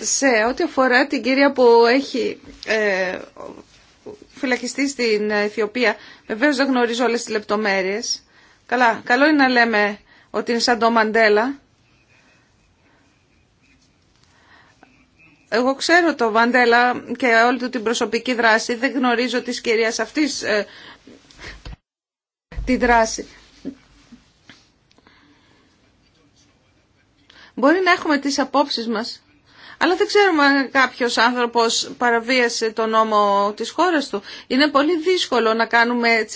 Σε ό,τι αφορά την κυρία που έχει ε, φυλακιστεί στην Αιθιοπία, βεβαίως δεν γνωρίζω όλες τις λεπτομέρειες. Καλά, καλό είναι να λέμε ότι είναι σαν το Μαντέλα, Εγώ ξέρω το Βαντέλα και όλη του την προσωπική δράση. Δεν γνωρίζω της κυρίας αυτής ε, τη δράση. Μπορεί να έχουμε τις απόψεις μας, αλλά δεν ξέρουμε αν κάποιος άνθρωπος παραβίασε τον νόμο της χώρας του. Είναι πολύ δύσκολο να κάνουμε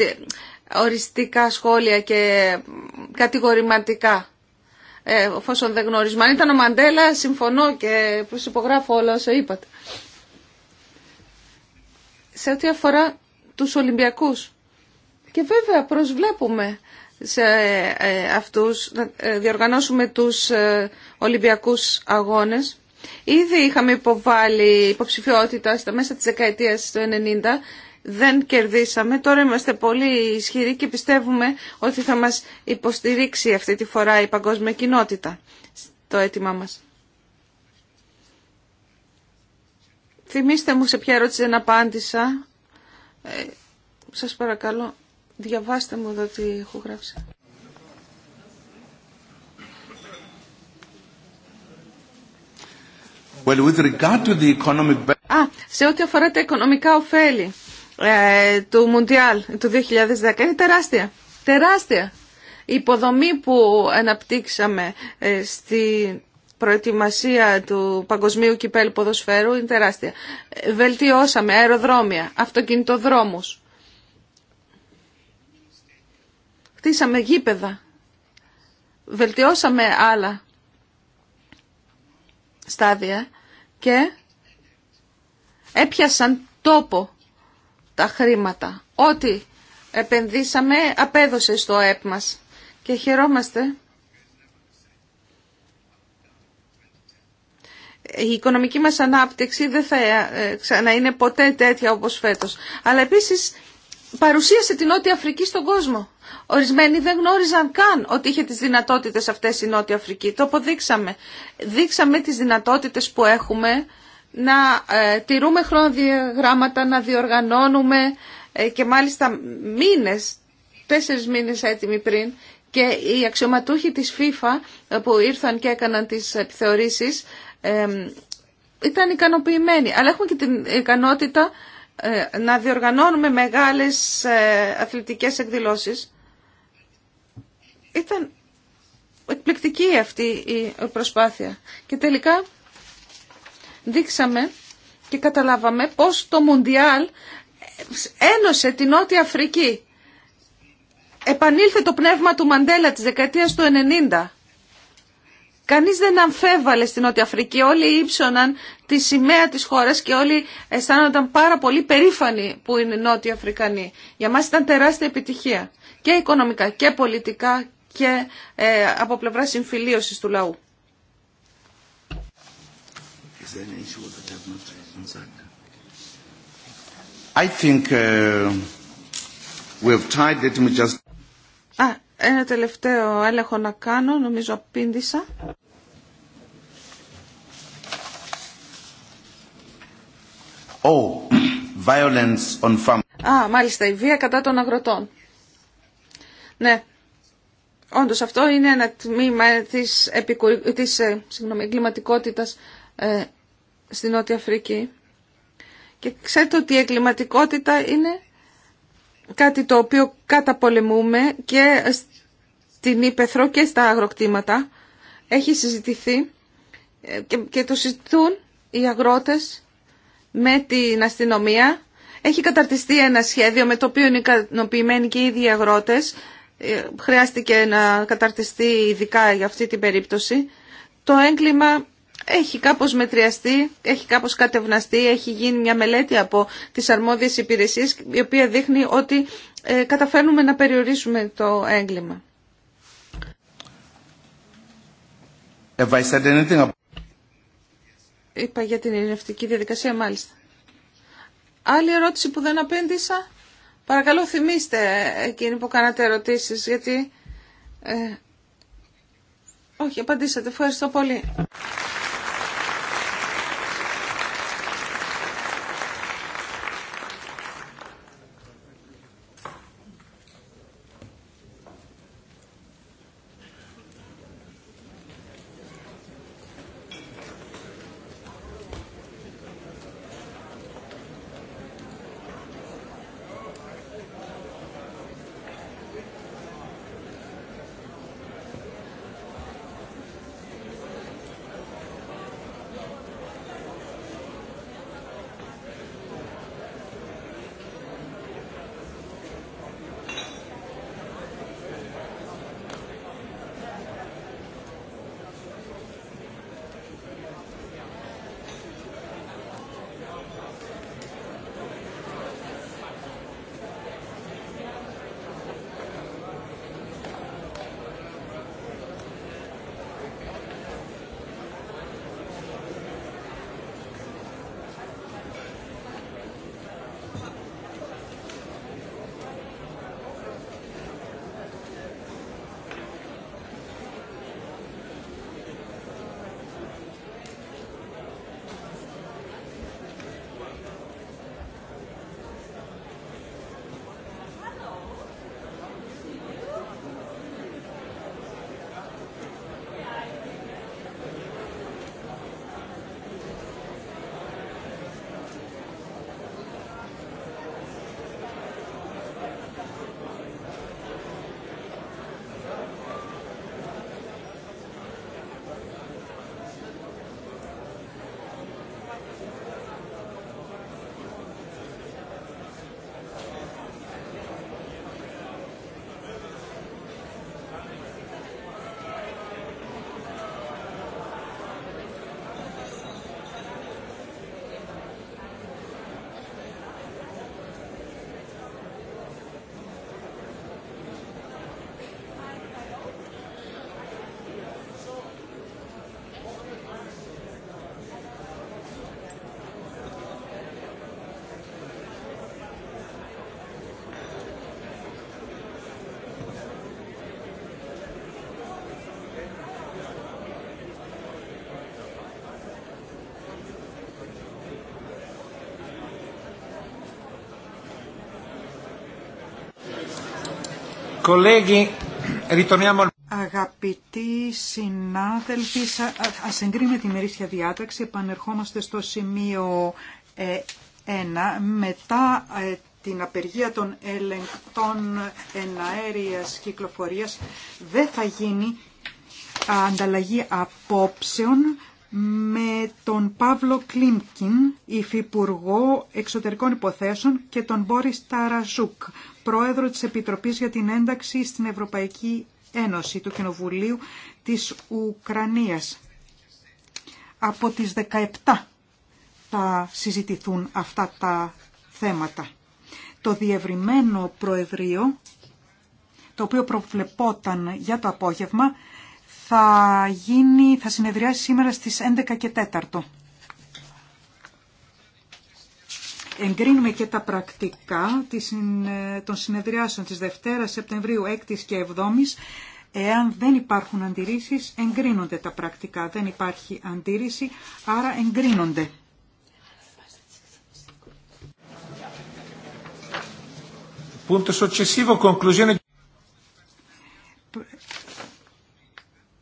οριστικά σχόλια και κατηγορηματικά. Ε, εφόσον δεν γνωρίζουμε. Αν ήταν ο Μαντέλα, συμφωνώ και προσυπογράφω όλα όσα είπατε. Σε ό,τι αφορά τους Ολυμπιακούς. Και βέβαια προσβλέπουμε σε ε, αυτούς να ε, διοργανώσουμε τους Ολυμπιακούς αγώνες. Ήδη είχαμε υποβάλει υποψηφιότητα στα μέσα της δεκαετίας του 90 δεν κερδίσαμε. Τώρα είμαστε πολύ ισχυροί και πιστεύουμε ότι θα μας υποστηρίξει αυτή τη φορά η παγκόσμια κοινότητα το αίτημά μας. Θυμήστε μου σε ποια ερώτηση δεν απάντησα. Ε, σας παρακαλώ, διαβάστε μου εδώ τι έχω γράψει. Well, with regard to the economic... Α, σε ό,τι αφορά τα οικονομικά ωφέλη. Ε, του Μουντιάλ του 2010 είναι τεράστια. Τεράστια. Η υποδομή που αναπτύξαμε ε, στην προετοιμασία του παγκοσμίου κυπέλου ποδοσφαίρου είναι τεράστια. Ε, βελτιώσαμε αεροδρόμια, αυτοκινητοδρόμους. Χτίσαμε γήπεδα. Βελτιώσαμε άλλα στάδια και έπιασαν τόπο τα χρήματα. Ό,τι επενδύσαμε απέδωσε στο ΕΠ μας και χαιρόμαστε. η οικονομική μας ανάπτυξη δεν θα ε, ξανά είναι ποτέ τέτοια όπως φέτος. Αλλά επίσης παρουσίασε την Νότια Αφρική στον κόσμο. Ορισμένοι δεν γνώριζαν καν ότι είχε τις δυνατότητες αυτές η Νότια Αφρική. Το αποδείξαμε. Δείξαμε τις δυνατότητες που έχουμε να ε, τηρούμε χρονοδιαγράμματα, να διοργανώνουμε ε, και μάλιστα μήνες, τέσσερις μήνες έτοιμοι πριν και οι αξιωματούχοι της FIFA ε, που ήρθαν και έκαναν τις επιθεωρήσεις ήταν ικανοποιημένοι. Αλλά έχουμε και την ικανότητα να διοργανώνουμε μεγάλες αθλητικές εκδηλώσεις. Ήταν εκπληκτική αυτή η προσπάθεια. Και τελικά δείξαμε και καταλάβαμε πώς το Μουντιάλ ένωσε την Νότια Αφρική. Επανήλθε το πνεύμα του Μαντέλα της δεκαετίας του 90. Κανείς δεν αμφέβαλε στην Νότια Αφρική. Όλοι ύψωναν τη σημαία της χώρας και όλοι αισθάνονταν πάρα πολύ περήφανοι που είναι Νότια Αφρικανοί. Για μας ήταν τεράστια επιτυχία και οικονομικά και πολιτικά και ε, από πλευρά συμφιλίωσης του λαού. I have not I think uh, we have tried. Let me just. Α, ένα τελευταίο έλεγχο να κάνω. Νομίζω απήντησα. Oh, violence on farm. Α, μάλιστα, η βία κατά των αγροτών. Ναι, όντως αυτό είναι ένα τμήμα της, επικου... της ε, συγγνώμη, εγκληματικότητας ε, στη Νότια Αφρική. Και ξέρετε ότι η εγκληματικότητα είναι κάτι το οποίο καταπολεμούμε και στην Ήπεθρο και στα αγροκτήματα. Έχει συζητηθεί ε, και το συζητούν οι αγρότες με την αστυνομία. Έχει καταρτιστεί ένα σχέδιο με το οποίο είναι ικανοποιημένοι και οι ίδιοι αγρότες. Ε, χρειάστηκε να καταρτιστεί ειδικά για αυτή την περίπτωση. Το έγκλημα έχει κάπως μετριαστεί, έχει κάπως κατευναστεί, έχει γίνει μια μελέτη από τις αρμόδιες υπηρεσίες η οποία δείχνει ότι ε, καταφέρνουμε να περιορίσουμε το έγκλημα. Είπα για την ειρηνευτική διαδικασία μάλιστα. Άλλη ερώτηση που δεν απέντησα. Παρακαλώ θυμίστε εκείνη που κάνατε ερωτήσεις γιατί... Ε, όχι, απαντήσατε. Ευχαριστώ πολύ. Αγαπητοί συνάδελφοι, α εγκρίνουμε τη μερίσια διάταξη. Επανερχόμαστε στο σημείο 1 ε, μετά ε, την απεργία των ελεγκτών εναέριας κυκλοφορίας. Δεν θα γίνει ανταλλαγή απόψεων με τον Παύλο Κλίμκιν, υφυπουργό εξωτερικών υποθέσεων και τον Μπόρις Ταραζούκ, πρόεδρο της Επιτροπής για την ένταξη στην Ευρωπαϊκή Ένωση του Κοινοβουλίου της Ουκρανίας. Από τις 17 θα συζητηθούν αυτά τα θέματα. Το διευρυμένο Προεδρείο, το οποίο προβλεπόταν για το απόγευμα, θα, γίνει, θα συνεδριάσει σήμερα στις 11 και 4. Εγκρίνουμε και τα πρακτικά ε, των συνεδριάσεων της Δευτέρας Σεπτεμβρίου 6ης και 7ης. Εάν δεν υπάρχουν αντιρρήσεις, εγκρίνονται τα πρακτικά. Δεν υπάρχει αντίρρηση, άρα εγκρίνονται. Punto successivo, conclusione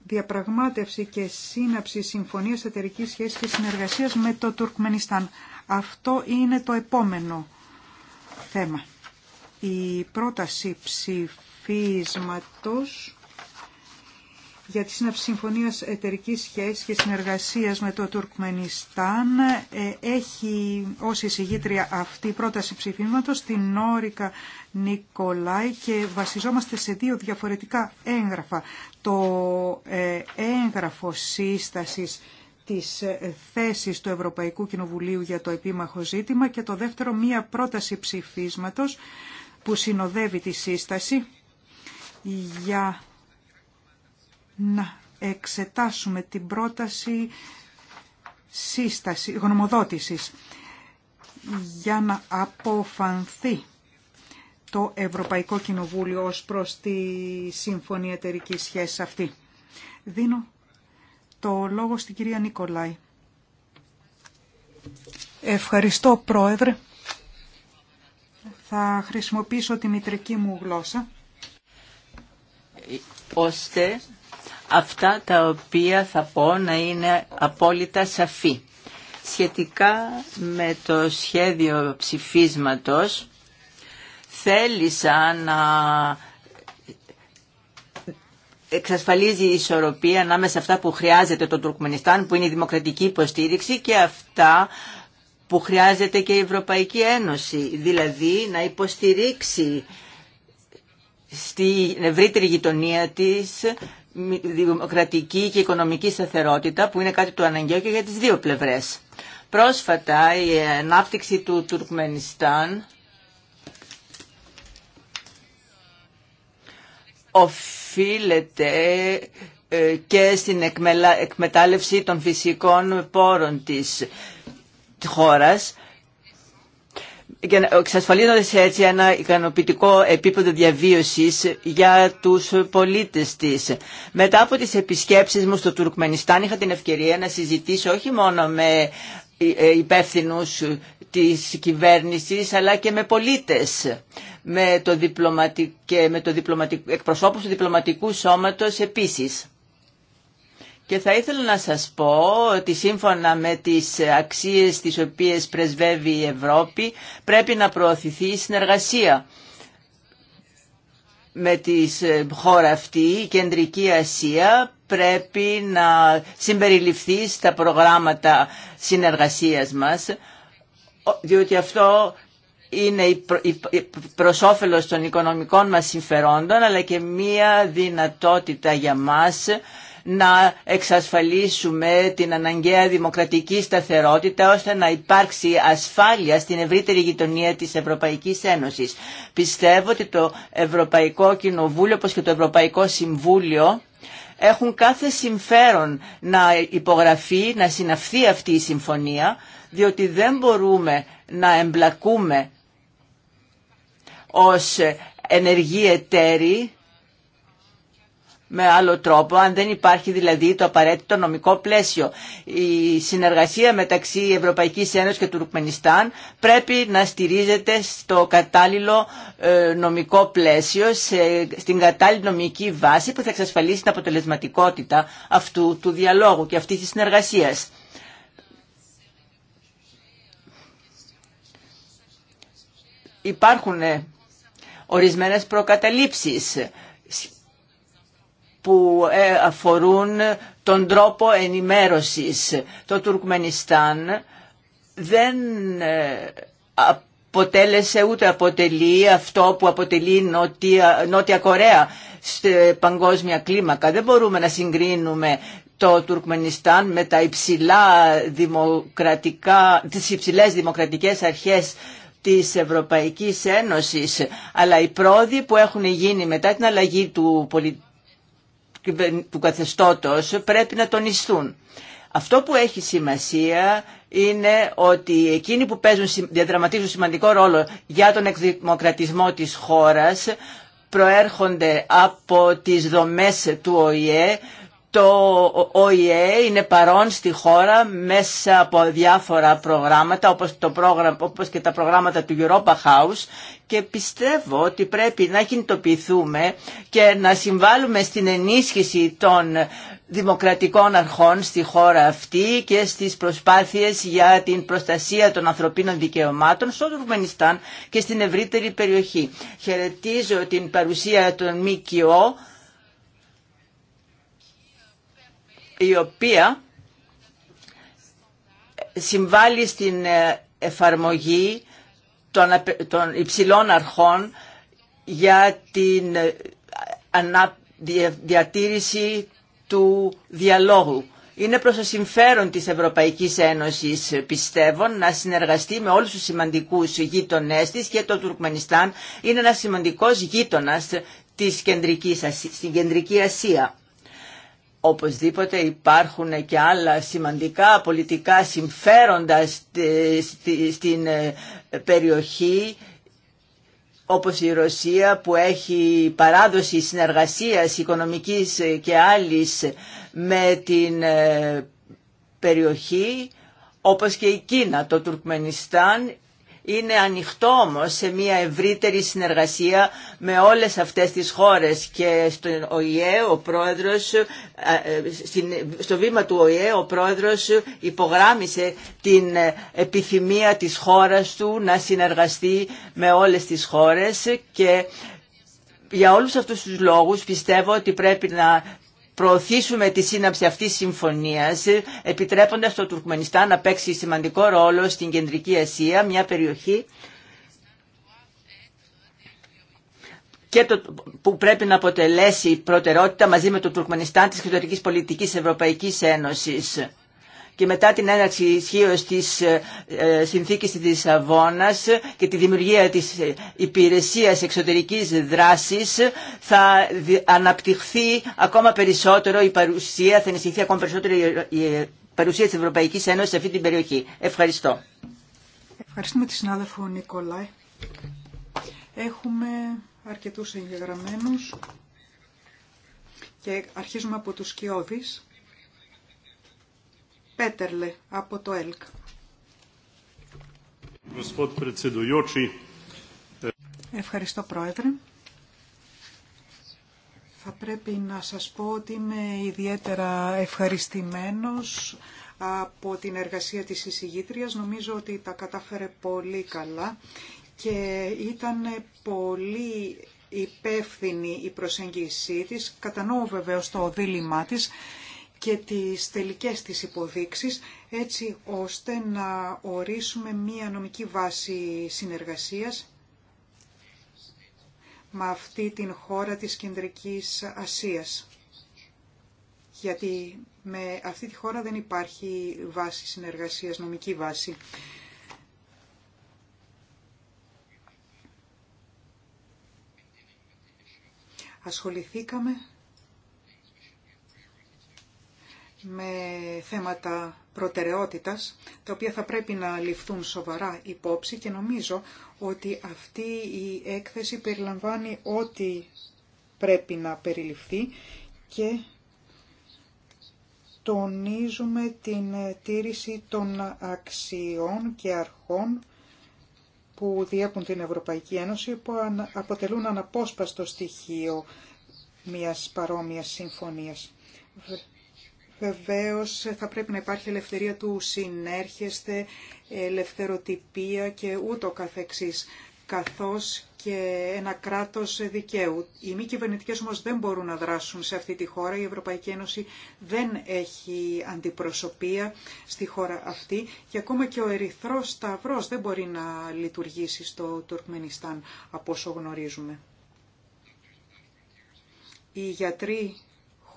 διαπραγμάτευση και σύναψη συμφωνίας εταιρικής σχέσης και συνεργασίας με το Τουρκμενιστάν. Αυτό είναι το επόμενο θέμα. Η πρόταση ψηφίσματος για τη σύναψη συμφωνίας εταιρικής σχέσης και συνεργασίας με το Τουρκμενιστάν. Ε, έχει ως εισηγήτρια αυτή η πρόταση ψηφίσματος την Όρικα Νικολάη και βασιζόμαστε σε δύο διαφορετικά έγγραφα. Το ε, έγγραφο σύστασης της ε, θέσης του Ευρωπαϊκού Κοινοβουλίου για το επίμαχο ζήτημα και το δεύτερο μία πρόταση ψηφίσματος που συνοδεύει τη σύσταση για να εξετάσουμε την πρόταση σύσταση, γνωμοδότησης για να αποφανθεί το Ευρωπαϊκό Κοινοβούλιο ως προς τη Σύμφωνη Εταιρική Σχέση αυτή. Δίνω το λόγο στην κυρία Νικολάη. Ευχαριστώ Πρόεδρε. Θα χρησιμοποιήσω τη μητρική μου γλώσσα. Ώστε αυτά τα οποία θα πω να είναι απόλυτα σαφή. Σχετικά με το σχέδιο ψηφίσματος θέλησα να εξασφαλίζει η ισορροπία ανάμεσα σε αυτά που χρειάζεται το Τουρκμενιστάν που είναι η δημοκρατική υποστήριξη και αυτά που χρειάζεται και η Ευρωπαϊκή Ένωση, δηλαδή να υποστηρίξει στην ευρύτερη γειτονία της δημοκρατική και οικονομική σταθερότητα που είναι κάτι του αναγκαίο και για τις δύο πλευρές. Πρόσφατα η ανάπτυξη του Τουρκμενιστάν οφείλεται ε, και στην εκμετάλλευση των φυσικών πόρων της χώρας σε έτσι ένα ικανοποιητικό επίπεδο διαβίωσης για τους πολίτες της. Μετά από τις επισκέψεις μου στο Τουρκμενιστάν είχα την ευκαιρία να συζητήσω όχι μόνο με ε, ε, υπεύθυνου της κυβέρνησης αλλά και με πολίτες με το διπλωματικ... με το εκπροσώπους του διπλωματικού σώματος επίσης. Και θα ήθελα να σας πω ότι σύμφωνα με τις αξίες τις οποίες πρεσβεύει η Ευρώπη πρέπει να προωθηθεί η συνεργασία με τη ε, χώρα αυτή, η Κεντρική Ασία πρέπει να συμπεριληφθεί στα προγράμματα συνεργασίας μας διότι αυτό είναι προς όφελος των οικονομικών μας συμφερόντων αλλά και μία δυνατότητα για μας να εξασφαλίσουμε την αναγκαία δημοκρατική σταθερότητα ώστε να υπάρξει ασφάλεια στην ευρύτερη γειτονία της Ευρωπαϊκής Ένωσης. Πιστεύω ότι το Ευρωπαϊκό Κοινοβούλιο όπως και το Ευρωπαϊκό Συμβούλιο έχουν κάθε συμφέρον να υπογραφεί, να συναυθεί αυτή η συμφωνία, διότι δεν μπορούμε να εμπλακούμε ως ενεργοί εταίροι με άλλο τρόπο, αν δεν υπάρχει δηλαδή το απαραίτητο νομικό πλαίσιο. Η συνεργασία μεταξύ Ευρωπαϊκής Ένωσης και του Τουρκμενιστάν πρέπει να στηρίζεται στο κατάλληλο ε, νομικό πλαίσιο, στην κατάλληλη νομική βάση που θα εξασφαλίσει την αποτελεσματικότητα αυτού του διαλόγου και αυτής της συνεργασίας. Υπάρχουν ε, ορισμένες προκαταλήψεις που ε, αφορούν τον τρόπο ενημέρωσης. Το Τουρκμενιστάν δεν ε, αποτέλεσε ούτε αποτελεί αυτό που αποτελεί Νότια, Νότια Κορέα σε παγκόσμια κλίμακα. Δεν μπορούμε να συγκρίνουμε το Τουρκμενιστάν με τα υψηλά δημοκρατικά, τις υψηλές δημοκρατικές αρχές της Ευρωπαϊκής Ένωσης αλλά οι πρόοδοι που έχουν γίνει μετά την αλλαγή του, του καθεστώτος πρέπει να τονιστούν. Αυτό που έχει σημασία είναι ότι εκείνοι που παίζουν, διαδραματίζουν σημαντικό ρόλο για τον εκδημοκρατισμό της χώρας προέρχονται από τις δομές του ΟΗΕ το ΟΗΕ είναι παρόν στη χώρα μέσα από διάφορα προγράμματα όπως, το πρόγραμμα, όπως και τα προγράμματα του Europa House και πιστεύω ότι πρέπει να κινητοποιηθούμε και να συμβάλλουμε στην ενίσχυση των δημοκρατικών αρχών στη χώρα αυτή και στις προσπάθειες για την προστασία των ανθρωπίνων δικαιωμάτων στο Τουρκμενιστάν και στην ευρύτερη περιοχή. Χαιρετίζω την παρουσία των ΜΚΟ η οποία συμβάλλει στην ε, εφαρμογή των υψηλών αρχών για την ε, διατήρηση του διαλόγου. Είναι προς το συμφέρον της Ευρωπαϊκής Ένωσης, πιστεύω, να συνεργαστεί με όλους τους σημαντικούς γείτονές της και το Τουρκμενιστάν είναι ένας σημαντικός γείτονας της κεντρικής, στην Κεντρική Ασία. Οπωσδήποτε υπάρχουν και άλλα σημαντικά πολιτικά συμφέροντα στην ε, περιοχή όπως η Ρωσία που έχει παράδοση συνεργασίας οικονομικής και άλλης με την ε, περιοχή, όπως και η Κίνα, το Τουρκμενιστάν είναι ανοιχτό όμω σε μια ευρύτερη συνεργασία με όλες αυτές τις χώρες και στον ΟΗΕ ο πρόεδρος, ε, ε, στο βήμα του ΟΗΕ ο πρόεδρος υπογράμμισε την επιθυμία της χώρας του να συνεργαστεί με όλες τις χώρες και για όλους αυτούς τους λόγους πιστεύω ότι πρέπει να προωθήσουμε τη σύναψη αυτής της συμφωνίας επιτρέποντας το Τουρκμενιστάν να παίξει σημαντικό ρόλο στην Κεντρική Ασία, μια περιοχή και που πρέπει να αποτελέσει προτεραιότητα μαζί με το Τουρκμενιστάν της εξωτερικής πολιτικής Ευρωπαϊκής Ένωσης και μετά την έναρξη ισχύω τη ε, ε, συνθήκη τη Λισαβόνα και τη δημιουργία τη υπηρεσία εξωτερική δράση θα αναπτυχθεί ακόμα περισσότερο η παρουσία, θα ενισχυθεί ακόμα περισσότερο η παρουσία τη Ευρωπαϊκή Ένωση σε αυτή την περιοχή. Ευχαριστώ. Ευχαριστούμε τη συνάδελφο Νικολάη. Έχουμε αρκετούς εγγεγραμμένους και αρχίζουμε από τους Κιώδης. Πέτερλε από το ΕΛΚ. Eh, Ευχαριστώ Πρόεδρε. Θα πρέπει να σας πω ότι είμαι ιδιαίτερα ευχαριστημένος από την εργασία της εισηγήτριας. Νομίζω ότι τα κατάφερε πολύ καλά και ήταν πολύ υπεύθυνη η προσέγγιση της. Κατανοώ βεβαίως το δίλημά της και τις τελικές της υποδείξεις έτσι ώστε να ορίσουμε μία νομική βάση συνεργασίας με αυτή την χώρα της Κεντρικής Ασίας. Γιατί με αυτή τη χώρα δεν υπάρχει βάση συνεργασίας, νομική βάση. Ασχοληθήκαμε με θέματα προτεραιότητας, τα οποία θα πρέπει να ληφθούν σοβαρά υπόψη και νομίζω ότι αυτή η έκθεση περιλαμβάνει ό,τι πρέπει να περιληφθεί και τονίζουμε την τήρηση των αξιών και αρχών που διέπουν την Ευρωπαϊκή Ένωση, που αποτελούν αναπόσπαστο στοιχείο μιας παρόμοιας συμφωνίας. Βεβαίω θα πρέπει να υπάρχει ελευθερία του συνέρχεστε, ελευθεροτυπία και ούτω καθεξής, καθώς και ένα κράτος δικαίου. Οι μη κυβερνητικέ όμως δεν μπορούν να δράσουν σε αυτή τη χώρα. Η Ευρωπαϊκή Ένωση δεν έχει αντιπροσωπεία στη χώρα αυτή και ακόμα και ο Ερυθρός Σταυρός δεν μπορεί να λειτουργήσει στο Τουρκμενιστάν από όσο γνωρίζουμε. Οι γιατροί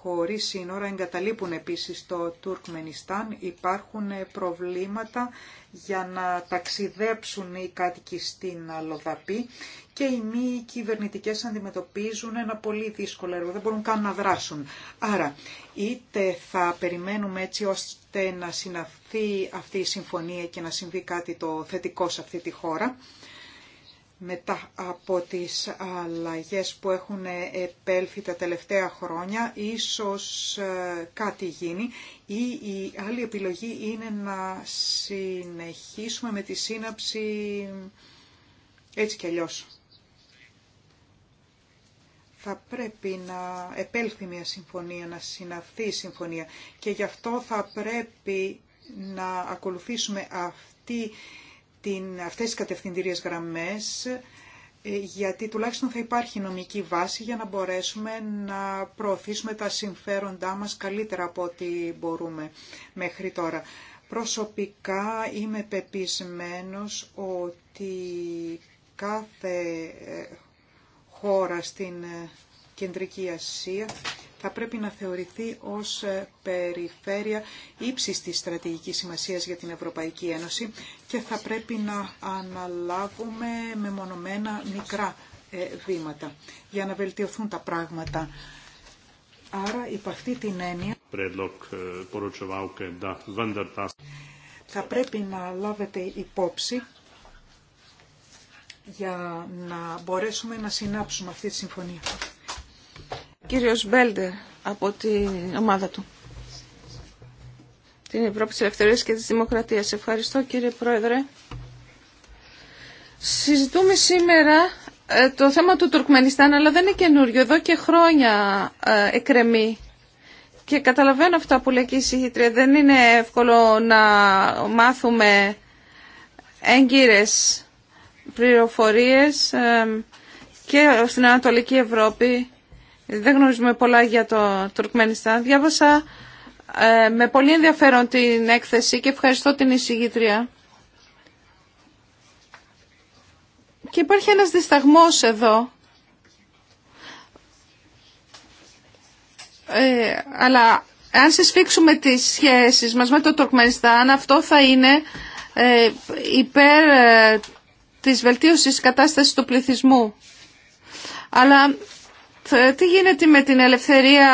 χωρίς σύνορα εγκαταλείπουν επίσης το Τουρκμενιστάν. Υπάρχουν προβλήματα για να ταξιδέψουν οι κάτοικοι στην Λοδαπή και οι μη κυβερνητικέ αντιμετωπίζουν ένα πολύ δύσκολο έργο, δεν μπορούν καν να δράσουν. Άρα, είτε θα περιμένουμε έτσι ώστε να συναυθεί αυτή η συμφωνία και να συμβεί κάτι το θετικό σε αυτή τη χώρα, μετά από τις αλλαγές που έχουν επέλθει τα τελευταία χρόνια, ίσως ε, κάτι γίνει ή η άλλη επιλογή είναι να συνεχίσουμε με τη σύναψη έτσι κι αλλιώς. Θα πρέπει να επέλθει μια συμφωνία, να συναυθεί η συμφωνία και γι' αυτό θα πρέπει να ακολουθήσουμε αυτή την, αυτές τις κατευθυντήριες γραμμές ε, γιατί τουλάχιστον θα υπάρχει νομική βάση για να μπορέσουμε να προωθήσουμε τα συμφέροντά μας καλύτερα από ό,τι μπορούμε μέχρι τώρα. Προσωπικά είμαι πεπισμένος ότι κάθε ε, χώρα στην ε, Κεντρική Ασία θα πρέπει να θεωρηθεί ως ε, περιφέρεια ύψης της στρατηγικής σημασίας για την Ευρωπαϊκή Ένωση και θα πρέπει να αναλάβουμε μεμονωμένα μικρά ε, βήματα για να βελτιωθούν τα πράγματα. Άρα υπ' αυτή την έννοια ε, θα πρέπει να λάβετε υπόψη για να μπορέσουμε να συνάψουμε αυτή τη συμφωνία κύριος Μπέλντερ από την ομάδα του. Την Ευρώπη της Ελευθερίας και της Δημοκρατίας. Ευχαριστώ κύριε Πρόεδρε. Συζητούμε σήμερα ε, το θέμα του Τουρκμενιστάν, αλλά δεν είναι καινούριο. Εδώ και χρόνια ε, εκρεμεί. Και καταλαβαίνω αυτά που λέει και η συγχύτρια. Δεν είναι εύκολο να μάθουμε έγκυρες πληροφορίες ε, και στην Ανατολική Ευρώπη δεν γνωρίζουμε πολλά για το Τουρκμενιστάν. Διάβασα ε, με πολύ ενδιαφέρον την έκθεση και ευχαριστώ την εισηγήτρια. Και υπάρχει ένας δισταγμός εδώ. Ε, αλλά αν συσφίξουμε τις σχέσεις μας με το Τουρκμενιστάν, αυτό θα είναι ε, υπέρ ε, της βελτίωσης κατάστασης του πληθυσμού. Αλλά ε, τι γίνεται με την ελευθερία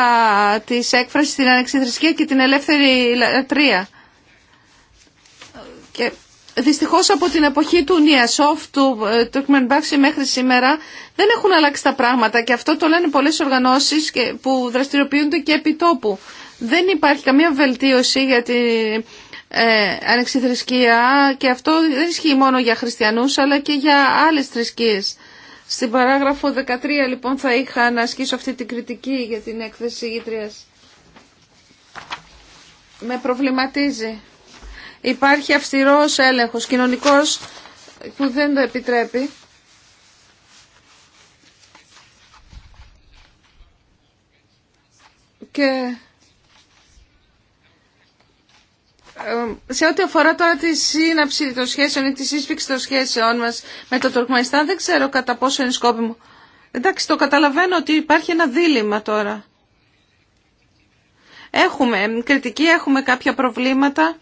της έκφρασης, την ανεξιθρησκεία και την ελεύθερη λατρεία. Και δυστυχώς από την εποχή του Νιασόφ, του ε, Τουρκμενμπάξι μέχρι σήμερα δεν έχουν αλλάξει τα πράγματα και αυτό το λένε πολλές οργανώσεις που δραστηριοποιούνται και επί τόπου. Δεν υπάρχει καμία βελτίωση για την ε, ανεξιθρησκεία και αυτό δεν ισχύει μόνο για χριστιανούς αλλά και για άλλες θρησκείες. Στην παράγραφο 13 λοιπόν θα είχα να ασκήσω αυτή την κριτική για την έκθεση ήτριας. Με προβληματίζει. Υπάρχει αυστηρός έλεγχος κοινωνικός που δεν το επιτρέπει. Και Ε, σε ό,τι αφορά τώρα τη σύναψη των σχέσεων ή τη σύσφυξη των σχέσεων μας με το Τουρκμαϊστάν δεν ξέρω κατά πόσο είναι σκόπιμο. Εντάξει, το καταλαβαίνω ότι υπάρχει ένα δίλημα τώρα. Έχουμε κριτική, έχουμε κάποια προβλήματα,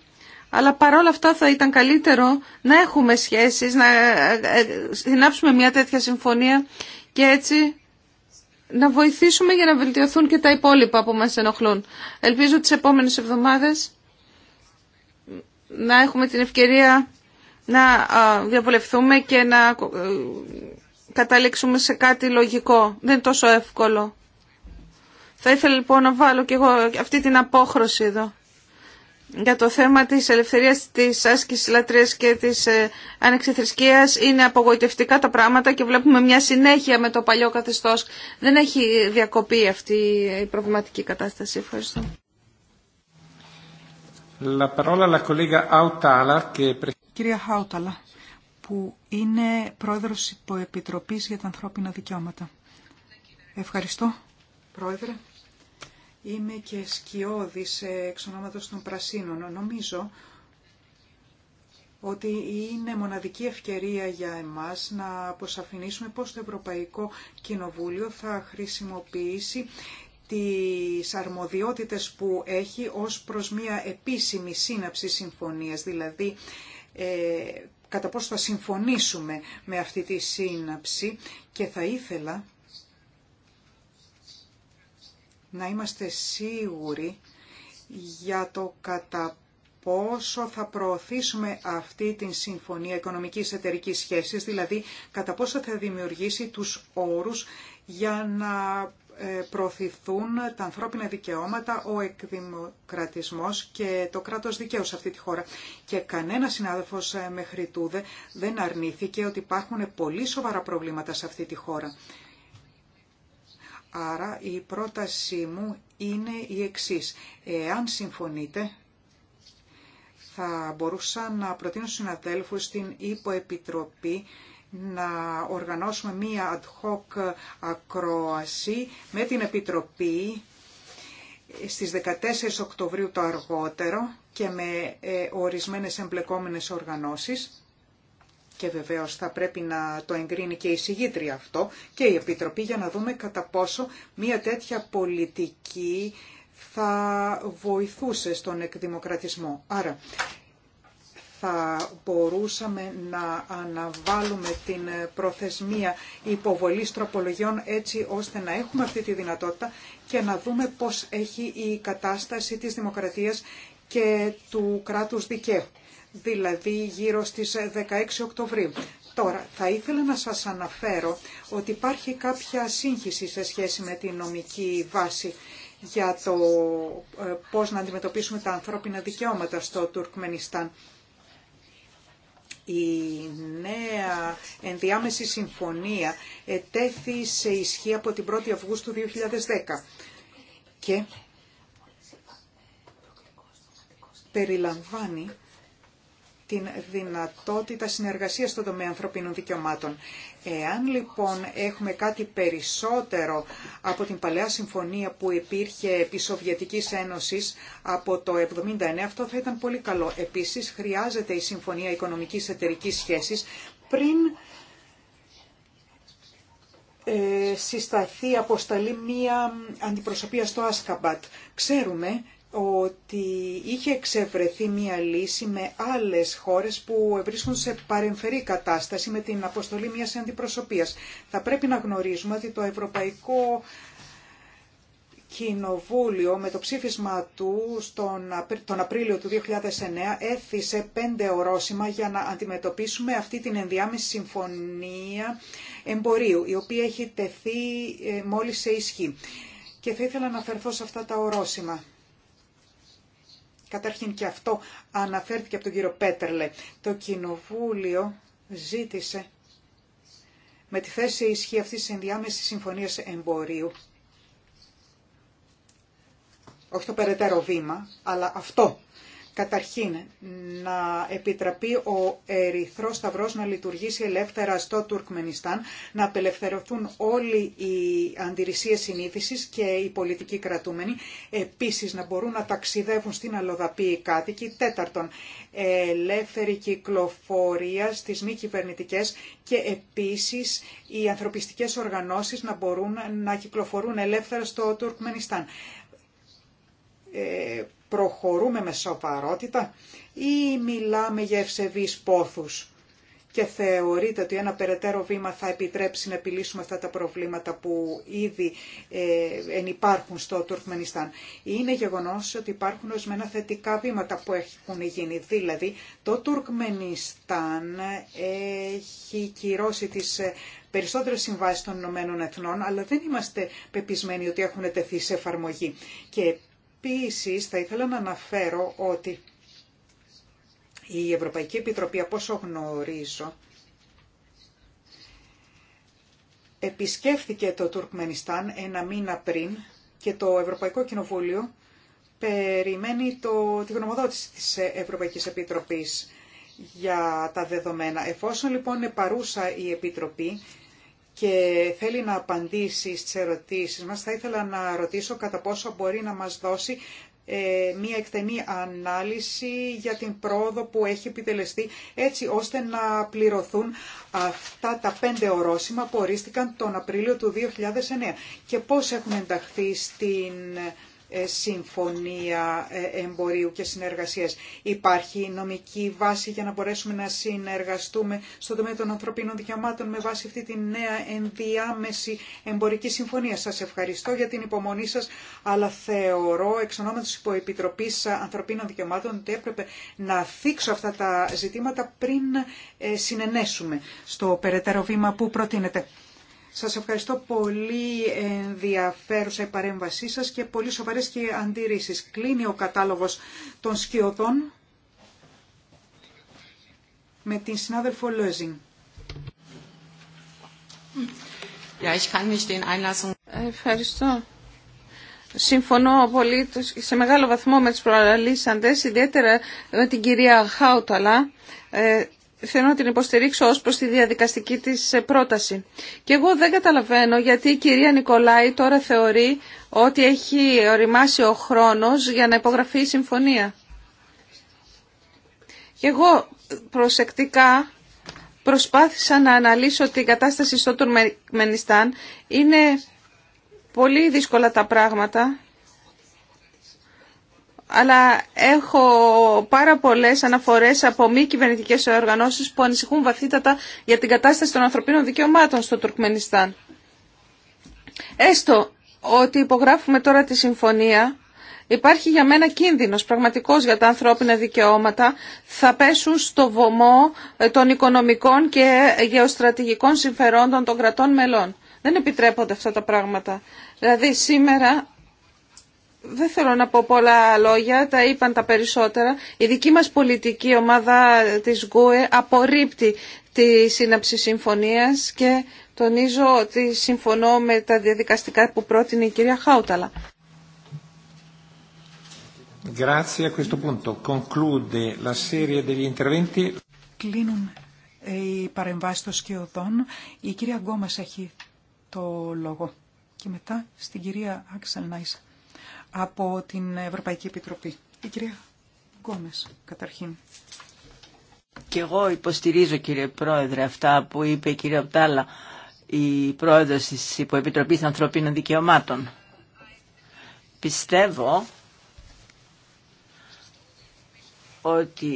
αλλά παρόλα αυτά θα ήταν καλύτερο να έχουμε σχέσεις, να ε, ε, συνάψουμε μια τέτοια συμφωνία και έτσι να βοηθήσουμε για να βελτιωθούν και τα υπόλοιπα που μας ενοχλούν. Ελπίζω τις επόμενες εβδομάδες να έχουμε την ευκαιρία να διαβολευθούμε και να ε, καταλήξουμε σε κάτι λογικό. Δεν είναι τόσο εύκολο. Θα ήθελα λοιπόν να βάλω και εγώ αυτή την απόχρωση εδώ για το θέμα της ελευθερίας της άσκησης λατρείας και της ε, είναι απογοητευτικά τα πράγματα και βλέπουμε μια συνέχεια με το παλιό καθεστώς. Δεν έχει διακοπεί αυτή η προβληματική κατάσταση. Ευχαριστώ. La Κυρία Χάουταλα, που είναι πρόεδρος υποεπιτροπής για τα ανθρώπινα δικαιώματα. Ευχαριστώ, πρόεδρε. Είμαι και σκιώδης εξ ονόματος των Πρασίνων. Νομίζω ότι είναι μοναδική ευκαιρία για εμάς να αποσαφηνίσουμε πώς το Ευρωπαϊκό Κοινοβούλιο θα χρησιμοποιήσει τις αρμοδιότητες που έχει ως προς μια επίσημη σύναψη συμφωνίας, δηλαδή ε, κατά πώς θα συμφωνήσουμε με αυτή τη σύναψη και θα ήθελα να είμαστε σίγουροι για το κατά πόσο θα προωθήσουμε αυτή την Συμφωνία Οικονομικής Εταιρικής Σχέσης, δηλαδή κατά πόσο θα δημιουργήσει τους όρους για να ε, προωθηθούν τα ανθρώπινα δικαιώματα, ο εκδημοκρατισμός και το κράτος δικαίου σε αυτή τη χώρα. Και κανένα συνάδελφος ε, μέχρι τούδε δεν αρνήθηκε ότι υπάρχουν πολύ σοβαρά προβλήματα σε αυτή τη χώρα. Άρα η πρότασή μου είναι η εξής. Εάν συμφωνείτε, θα μπορούσα να προτείνω στους συναδέλφους στην υποεπιτροπή να οργανώσουμε μία ad hoc ακρόαση με την Επιτροπή στις 14 Οκτωβρίου το αργότερο και με ε, ορισμένες εμπλεκόμενες οργανώσεις και βεβαίως θα πρέπει να το εγκρίνει και η συγγήτρια αυτό και η Επιτροπή για να δούμε κατά πόσο μία τέτοια πολιτική θα βοηθούσε στον εκδημοκρατισμό. Άρα θα μπορούσαμε να αναβάλουμε την προθεσμία υποβολής τροπολογιών έτσι ώστε να έχουμε αυτή τη δυνατότητα και να δούμε πώς έχει η κατάσταση της δημοκρατίας και του κράτους δικαίου, δηλαδή γύρω στις 16 Οκτωβρίου. Τώρα, θα ήθελα να σας αναφέρω ότι υπάρχει κάποια σύγχυση σε σχέση με τη νομική βάση για το ε, πώς να αντιμετωπίσουμε τα ανθρώπινα δικαιώματα στο Τουρκμενιστάν. Η νέα ενδιάμεση συμφωνία ετέθη σε ισχύ από την 1η Αυγούστου 2010 και περιλαμβάνει την δυνατότητα συνεργασίας στον τομέα ανθρωπίνων δικαιωμάτων. Εάν λοιπόν έχουμε κάτι περισσότερο από την παλαιά συμφωνία που υπήρχε επί Σοβιετικής Ένωσης από το 1979, αυτό θα ήταν πολύ καλό. Επίσης χρειάζεται η Συμφωνία Οικονομικής Εταιρικής Σχέσης πριν ε, συσταθεί, αποσταλεί μία αντιπροσωπεία στο Άσκαμπατ. Ξέρουμε ότι είχε εξευρεθεί μία λύση με άλλες χώρες που βρίσκονται σε παρεμφερή κατάσταση με την αποστολή μιας αντιπροσωπείας. Θα πρέπει να γνωρίζουμε ότι το Ευρωπαϊκό Κοινοβούλιο με το ψήφισμα του στον, τον Απρίλιο του 2009 έθισε πέντε ορόσημα για να αντιμετωπίσουμε αυτή την ενδιάμεση συμφωνία εμπορίου, η οποία έχει τεθεί ε, μόλις σε ισχύ. Και θα ήθελα να αναφερθώ σε αυτά τα ορόσημα Καταρχήν και αυτό αναφέρθηκε από τον κύριο Πέτερλε. Το Κοινοβούλιο ζήτησε με τη θέση ισχύ αυτής της ενδιάμεσης συμφωνίας εμπορίου όχι το περαιτέρω βήμα, αλλά αυτό Καταρχήν, να επιτραπεί ο Ερυθρός Σταυρό να λειτουργήσει ελεύθερα στο Τουρκμενιστάν, να απελευθερωθούν όλοι οι αντιρρησίε συνήθιση και οι πολιτικοί κρατούμενοι, επίσης να μπορούν να ταξιδεύουν στην Αλοδαπή οι κάτοικοι. Τέταρτον, ελεύθερη κυκλοφορία στι μη κυβερνητικέ και επίσης οι ανθρωπιστικές οργανώσει να μπορούν να κυκλοφορούν ελεύθερα στο Τουρκμενιστάν ε, προχωρούμε με σοβαρότητα ή μιλάμε για ευσεβείς πόθους και θεωρείτε ότι ένα περαιτέρω βήμα θα επιτρέψει να επιλύσουμε αυτά τα προβλήματα που ήδη ε, ενυπάρχουν στο Τουρκμενιστάν. Είναι γεγονός ότι υπάρχουν ορισμένα θετικά βήματα που έχουν γίνει. Δηλαδή, το Τουρκμενιστάν έχει κυρώσει τις ε, περισσότερες συμβάσεις των Ηνωμένων Εθνών, αλλά δεν είμαστε πεπισμένοι ότι έχουν τεθεί σε εφαρμογή. Και Επίση, θα ήθελα να αναφέρω ότι η Ευρωπαϊκή Επιτροπή, από όσο γνωρίζω, επισκέφθηκε το Τουρκμενιστάν ένα μήνα πριν και το Ευρωπαϊκό Κοινοβούλιο περιμένει το, τη γνωμοδότηση της Ευρωπαϊκής Επιτροπής για τα δεδομένα. Εφόσον λοιπόν είναι παρούσα η Επιτροπή, και θέλει να απαντήσει στις ερωτήσεις μας, θα ήθελα να ρωτήσω κατά πόσο μπορεί να μας δώσει ε, μία εκτενή ανάλυση για την πρόοδο που έχει επιτελεστεί έτσι ώστε να πληρωθούν αυτά τα πέντε ορόσημα που ορίστηκαν τον Απρίλιο του 2009 και πώς έχουν ενταχθεί στην ε, συμφωνία ε, εμπορίου και συνεργασίας. Υπάρχει νομική βάση για να μπορέσουμε να συνεργαστούμε στο τομέα των ανθρωπίνων δικαιωμάτων με βάση αυτή τη νέα ενδιάμεση εμπορική συμφωνία. Σας ευχαριστώ για την υπομονή σας, αλλά θεωρώ εξ ονόματος υποεπιτροπής ανθρωπίνων δικαιωμάτων ότι έπρεπε να θίξω αυτά τα ζητήματα πριν ε, συνενέσουμε στο περαιτέρω βήμα που προτείνεται. Σας ευχαριστώ πολύ ενδιαφέρουσα η παρέμβασή σας και πολύ σοβαρές και αντιρρήσεις. Κλείνει ο κατάλογος των σκιωδών με την συνάδελφο Λόζιν. Ευχαριστώ. Συμφωνώ πολύ σε μεγάλο βαθμό με τις προαλήσαντες, ιδιαίτερα με την κυρία Χάουταλα. Ε, θέλω να την υποστηρίξω ως προς τη διαδικαστική της ε, πρόταση. Και εγώ δεν καταλαβαίνω γιατί η κυρία Νικολάη τώρα θεωρεί ότι έχει οριμάσει ο χρόνος για να υπογραφεί η συμφωνία. Και εγώ προσεκτικά προσπάθησα να αναλύσω την κατάσταση στο Τουρμενιστάν. Είναι πολύ δύσκολα τα πράγματα αλλά έχω πάρα πολλέ αναφορές από μη κυβερνητικέ οργανώσεις που ανησυχούν βαθύτατα για την κατάσταση των ανθρωπίνων δικαιωμάτων στο Τουρκμενιστάν. Έστω ότι υπογράφουμε τώρα τη συμφωνία, υπάρχει για μένα κίνδυνος πραγματικός για τα ανθρώπινα δικαιώματα, θα πέσουν στο βωμό ε, των οικονομικών και γεωστρατηγικών συμφερόντων των κρατών μελών. Δεν επιτρέπονται αυτά τα πράγματα. Δηλαδή σήμερα δεν θέλω να πω πολλά λόγια, τα είπαν τα περισσότερα. Η δική μας πολιτική ομάδα της ΓΚΟΕ απορρίπτει τη σύναψη συμφωνίας και τονίζω ότι συμφωνώ με τα διαδικαστικά που πρότεινε η κυρία Χάουταλα. Κλείνουν ε, οι παρεμβάσει των σκιωδών. Η κυρία Γκόμας έχει το λόγο. Και μετά στην κυρία Άξελ Νάισα από την Ευρωπαϊκή Επιτροπή. Η κυρία Γκόμες, καταρχήν. Και εγώ υποστηρίζω κύριε Πρόεδρε αυτά που είπε η κυρία Οπτάλα, η Πρόεδρος της Υποεπιτροπής Ανθρωπίνων Δικαιωμάτων. Πιστεύω ότι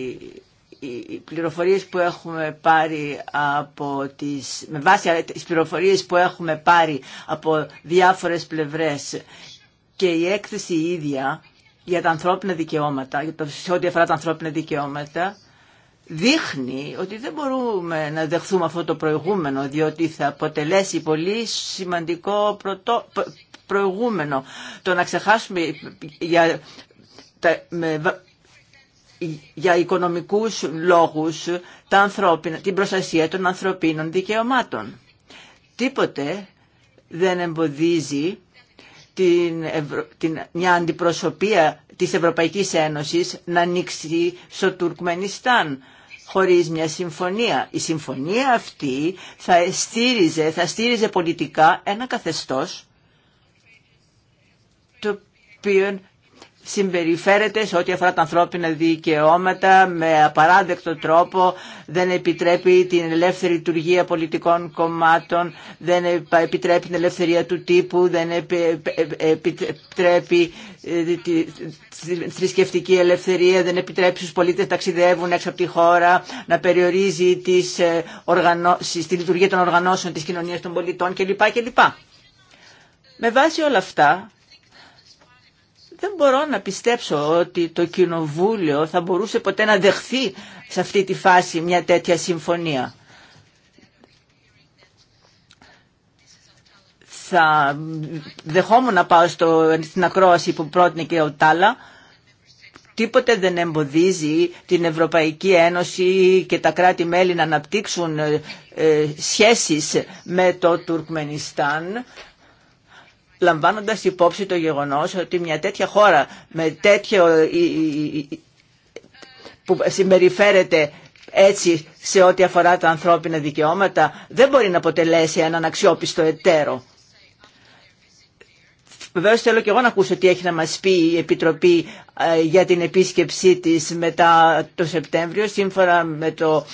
οι πληροφορίες που έχουμε πάρει από τις, με βάση τις πληροφορίες που έχουμε πάρει από διάφορες πλευρές και η έκθεση η ίδια για τα ανθρώπινα δικαιώματα, για το, σε ό,τι αφορά τα ανθρώπινα δικαιώματα, δείχνει ότι δεν μπορούμε να δεχθούμε αυτό το προηγούμενο, διότι θα αποτελέσει πολύ σημαντικό προηγούμενο. Το να ξεχάσουμε για, οικονομικούς λόγους τα ανθρώπινα, την προστασία των ανθρωπίνων δικαιωμάτων. Τίποτε δεν εμποδίζει την, την, μια αντιπροσωπεία της Ευρωπαϊκής Ένωσης να ανοίξει στο Τουρκμενιστάν χωρίς μια συμφωνία. Η συμφωνία αυτή θα στήριζε, θα στήριζε πολιτικά ένα καθεστώς το οποίο συμπεριφέρεται σε ό,τι αφορά τα ανθρώπινα δικαιώματα με απαράδεκτο τρόπο, δεν επιτρέπει την ελεύθερη λειτουργία πολιτικών κομμάτων, δεν επιτρέπει την ελευθερία του τύπου, δεν επιτρέπει ε, τη θρησκευτική ελευθερία, δεν επιτρέπει στους πολίτες να ταξιδεύουν έξω από τη χώρα, να περιορίζει τις ε, οργανώσεις, τη λειτουργία των οργανώσεων της κοινωνίας των πολιτών κλπ. Με βάση όλα αυτά, δεν μπορώ να πιστέψω ότι το Κοινοβούλιο θα μπορούσε ποτέ να δεχθεί σε αυτή τη φάση μια τέτοια συμφωνία. Θα δεχόμουν να πάω στο, στην ακρόαση που πρότεινε και ο Τάλα. Τίποτε δεν εμποδίζει την Ευρωπαϊκή Ένωση και τα κράτη-μέλη να αναπτύξουν ε, ε, σχέσεις με το Τουρκμενιστάν λαμβάνοντας υπόψη το γεγονός ότι μια τέτοια χώρα με τέτοιο ε, ε, ε, που συμπεριφέρεται έτσι σε ό,τι αφορά τα ανθρώπινα δικαιώματα δεν μπορεί να αποτελέσει έναν αξιόπιστο εταίρο. Βεβαίω θέλω και εγώ να ακούσω τι έχει να μας πει η Επιτροπή για την επίσκεψή της μετά το Σεπτέμβριο σύμφωνα με το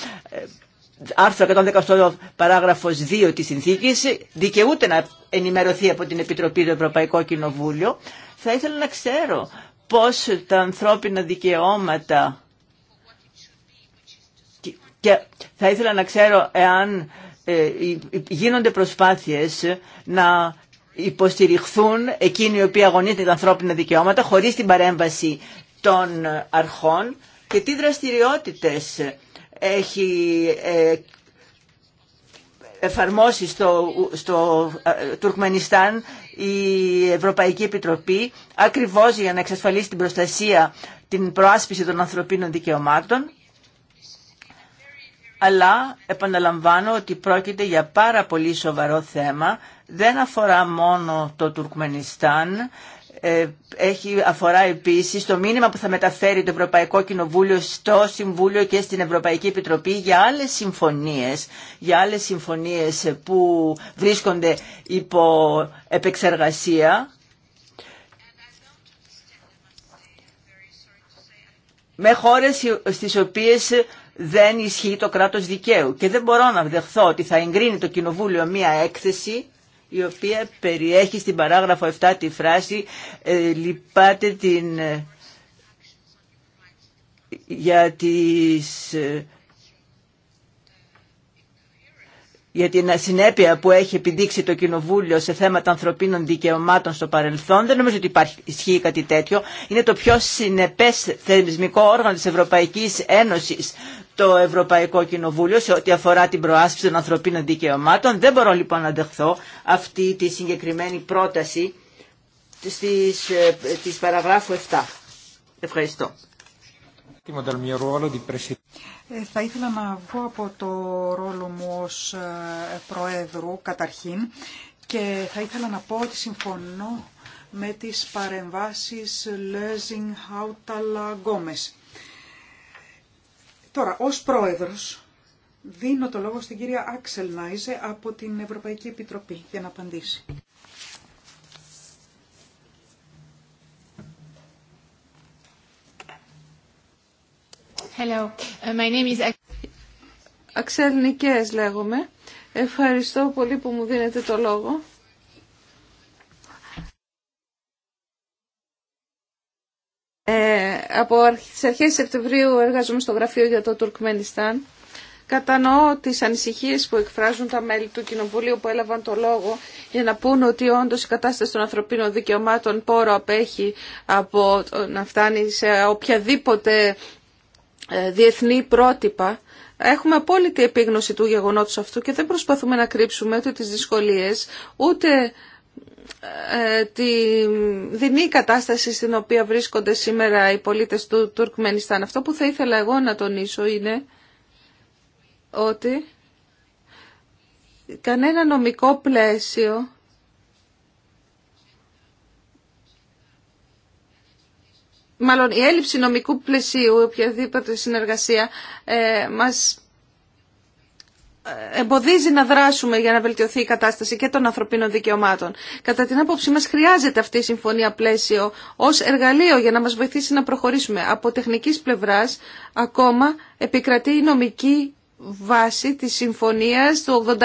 άρθρο 118 παράγραφος 2 της συνθήκης δικαιούται να ενημερωθεί από την Επιτροπή του Ευρωπαϊκού Κοινοβούλιο. Θα ήθελα να ξέρω πώς τα ανθρώπινα δικαιώματα και θα ήθελα να ξέρω εάν ε, γίνονται προσπάθειες να υποστηριχθούν εκείνοι οι οποίοι αγωνίζονται τα ανθρώπινα δικαιώματα χωρίς την παρέμβαση των αρχών και τι δραστηριότητες έχει ε, εφαρμόσει στο, ε, Τουρκμενιστάν η Ευρωπαϊκή Επιτροπή ακριβώς για να εξασφαλίσει την προστασία, την προάσπιση των ανθρωπίνων δικαιωμάτων. Αλλά επαναλαμβάνω ότι πρόκειται για πάρα πολύ σοβαρό θέμα. Δεν αφορά μόνο το Τουρκμενιστάν. Ε, έχει, αφορά επίσης το μήνυμα που θα μεταφέρει το Ευρωπαϊκό Κοινοβούλιο στο Συμβούλιο και στην Ευρωπαϊκή Επιτροπή για άλλες συμφωνίες, για άλλες συμφωνίες που βρίσκονται υπό επεξεργασία. με χώρες στις οποίες δεν ισχύει το κράτος δικαίου. Και δεν μπορώ να δεχθώ ότι θα εγκρίνει το Κοινοβούλιο μία έκθεση η οποία περιέχει στην παράγραφο 7 τη φράση ε, «Λυπάται την... Ε, για τις...» ε, για την ασυνέπεια που έχει επιδείξει το Κοινοβούλιο σε θέματα ανθρωπίνων δικαιωμάτων στο παρελθόν. Δεν νομίζω ότι υπάρχει, ισχύει κάτι τέτοιο. Είναι το πιο συνεπές θεσμικό όργανο της Ευρωπαϊκής Ένωσης το Ευρωπαϊκό Κοινοβούλιο σε ό,τι αφορά την προάσπιση των ανθρωπίνων δικαιωμάτων. Δεν μπορώ λοιπόν να δεχθώ αυτή τη συγκεκριμένη πρόταση στις, ε, της παραγράφου 7. Ευχαριστώ. Ε, θα ήθελα να βγω από το ρόλο μου ως ε, Προέδρου καταρχήν και θα ήθελα να πω ότι συμφωνώ με τις παρεμβάσεις Λέζινγκ Χάουταλα Γκόμες. Τώρα, ως πρόεδρος, δίνω το λόγο στην κυρία Άξελ Νάιζε από την Ευρωπαϊκή Επιτροπή για να απαντήσει. Hello. Uh, my name is... Αξέλ λέγομαι. Ευχαριστώ πολύ που μου δίνετε το λόγο. από τις αρχές Σεπτεμβρίου εργάζομαι στο γραφείο για το Τουρκμενιστάν. Κατανοώ τις ανησυχίες που εκφράζουν τα μέλη του Κοινοβουλίου που έλαβαν το λόγο για να πούν ότι όντως η κατάσταση των ανθρωπίνων δικαιωμάτων πόρο απέχει από να φτάνει σε οποιαδήποτε ε, διεθνή πρότυπα. Έχουμε απόλυτη επίγνωση του γεγονότος αυτού και δεν προσπαθούμε να κρύψουμε ούτε τις δυσκολίες, ούτε ε, τη δεινή κατάσταση στην οποία βρίσκονται σήμερα οι πολίτες του Τουρκμενιστάν. Αυτό που θα ήθελα εγώ να τονίσω είναι ότι κανένα νομικό πλαίσιο μάλλον η έλλειψη νομικού πλαισίου οποιαδήποτε συνεργασία ε, μας εμποδίζει να δράσουμε για να βελτιωθεί η κατάσταση και των ανθρωπίνων δικαιωμάτων. Κατά την άποψή μας χρειάζεται αυτή η συμφωνία πλαίσιο ως εργαλείο για να μας βοηθήσει να προχωρήσουμε. Από τεχνικής πλευράς ακόμα επικρατεί η νομική βάση της συμφωνίας του 89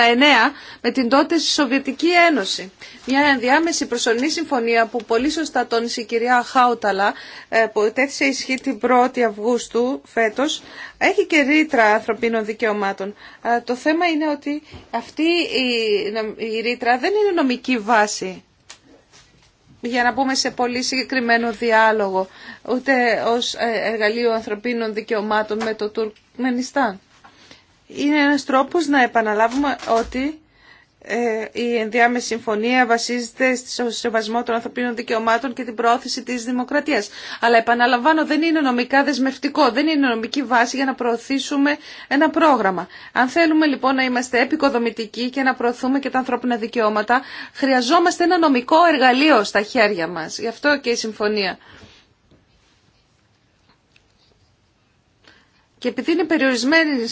με την τότε Σοβιετική Ένωση. Μια ενδιάμεση προσωρινή συμφωνία που πολύ σωστά τόνισε η κυρία Χάουταλα ε, που τέθησε ισχύ την 1η Αυγούστου φέτος έχει και ρήτρα ανθρωπίνων δικαιωμάτων. Ε, το θέμα είναι ότι αυτή η ρήτρα δεν είναι νομική βάση για να πούμε σε πολύ συγκεκριμένο διάλογο ούτε ως ε, εργαλείο ανθρωπίνων δικαιωμάτων με το Τουρκμενιστάν είναι ένας τρόπος να επαναλάβουμε ότι ε, η ενδιάμεση συμφωνία βασίζεται στο σεβασμό των ανθρωπίνων δικαιωμάτων και την προώθηση της δημοκρατίας. Αλλά επαναλαμβάνω δεν είναι νομικά δεσμευτικό, δεν είναι νομική βάση για να προωθήσουμε ένα πρόγραμμα. Αν θέλουμε λοιπόν να είμαστε επικοδομητικοί και να προωθούμε και τα ανθρώπινα δικαιώματα, χρειαζόμαστε ένα νομικό εργαλείο στα χέρια μας. Γι' αυτό και η συμφωνία. Και επειδή είναι περιορισμένη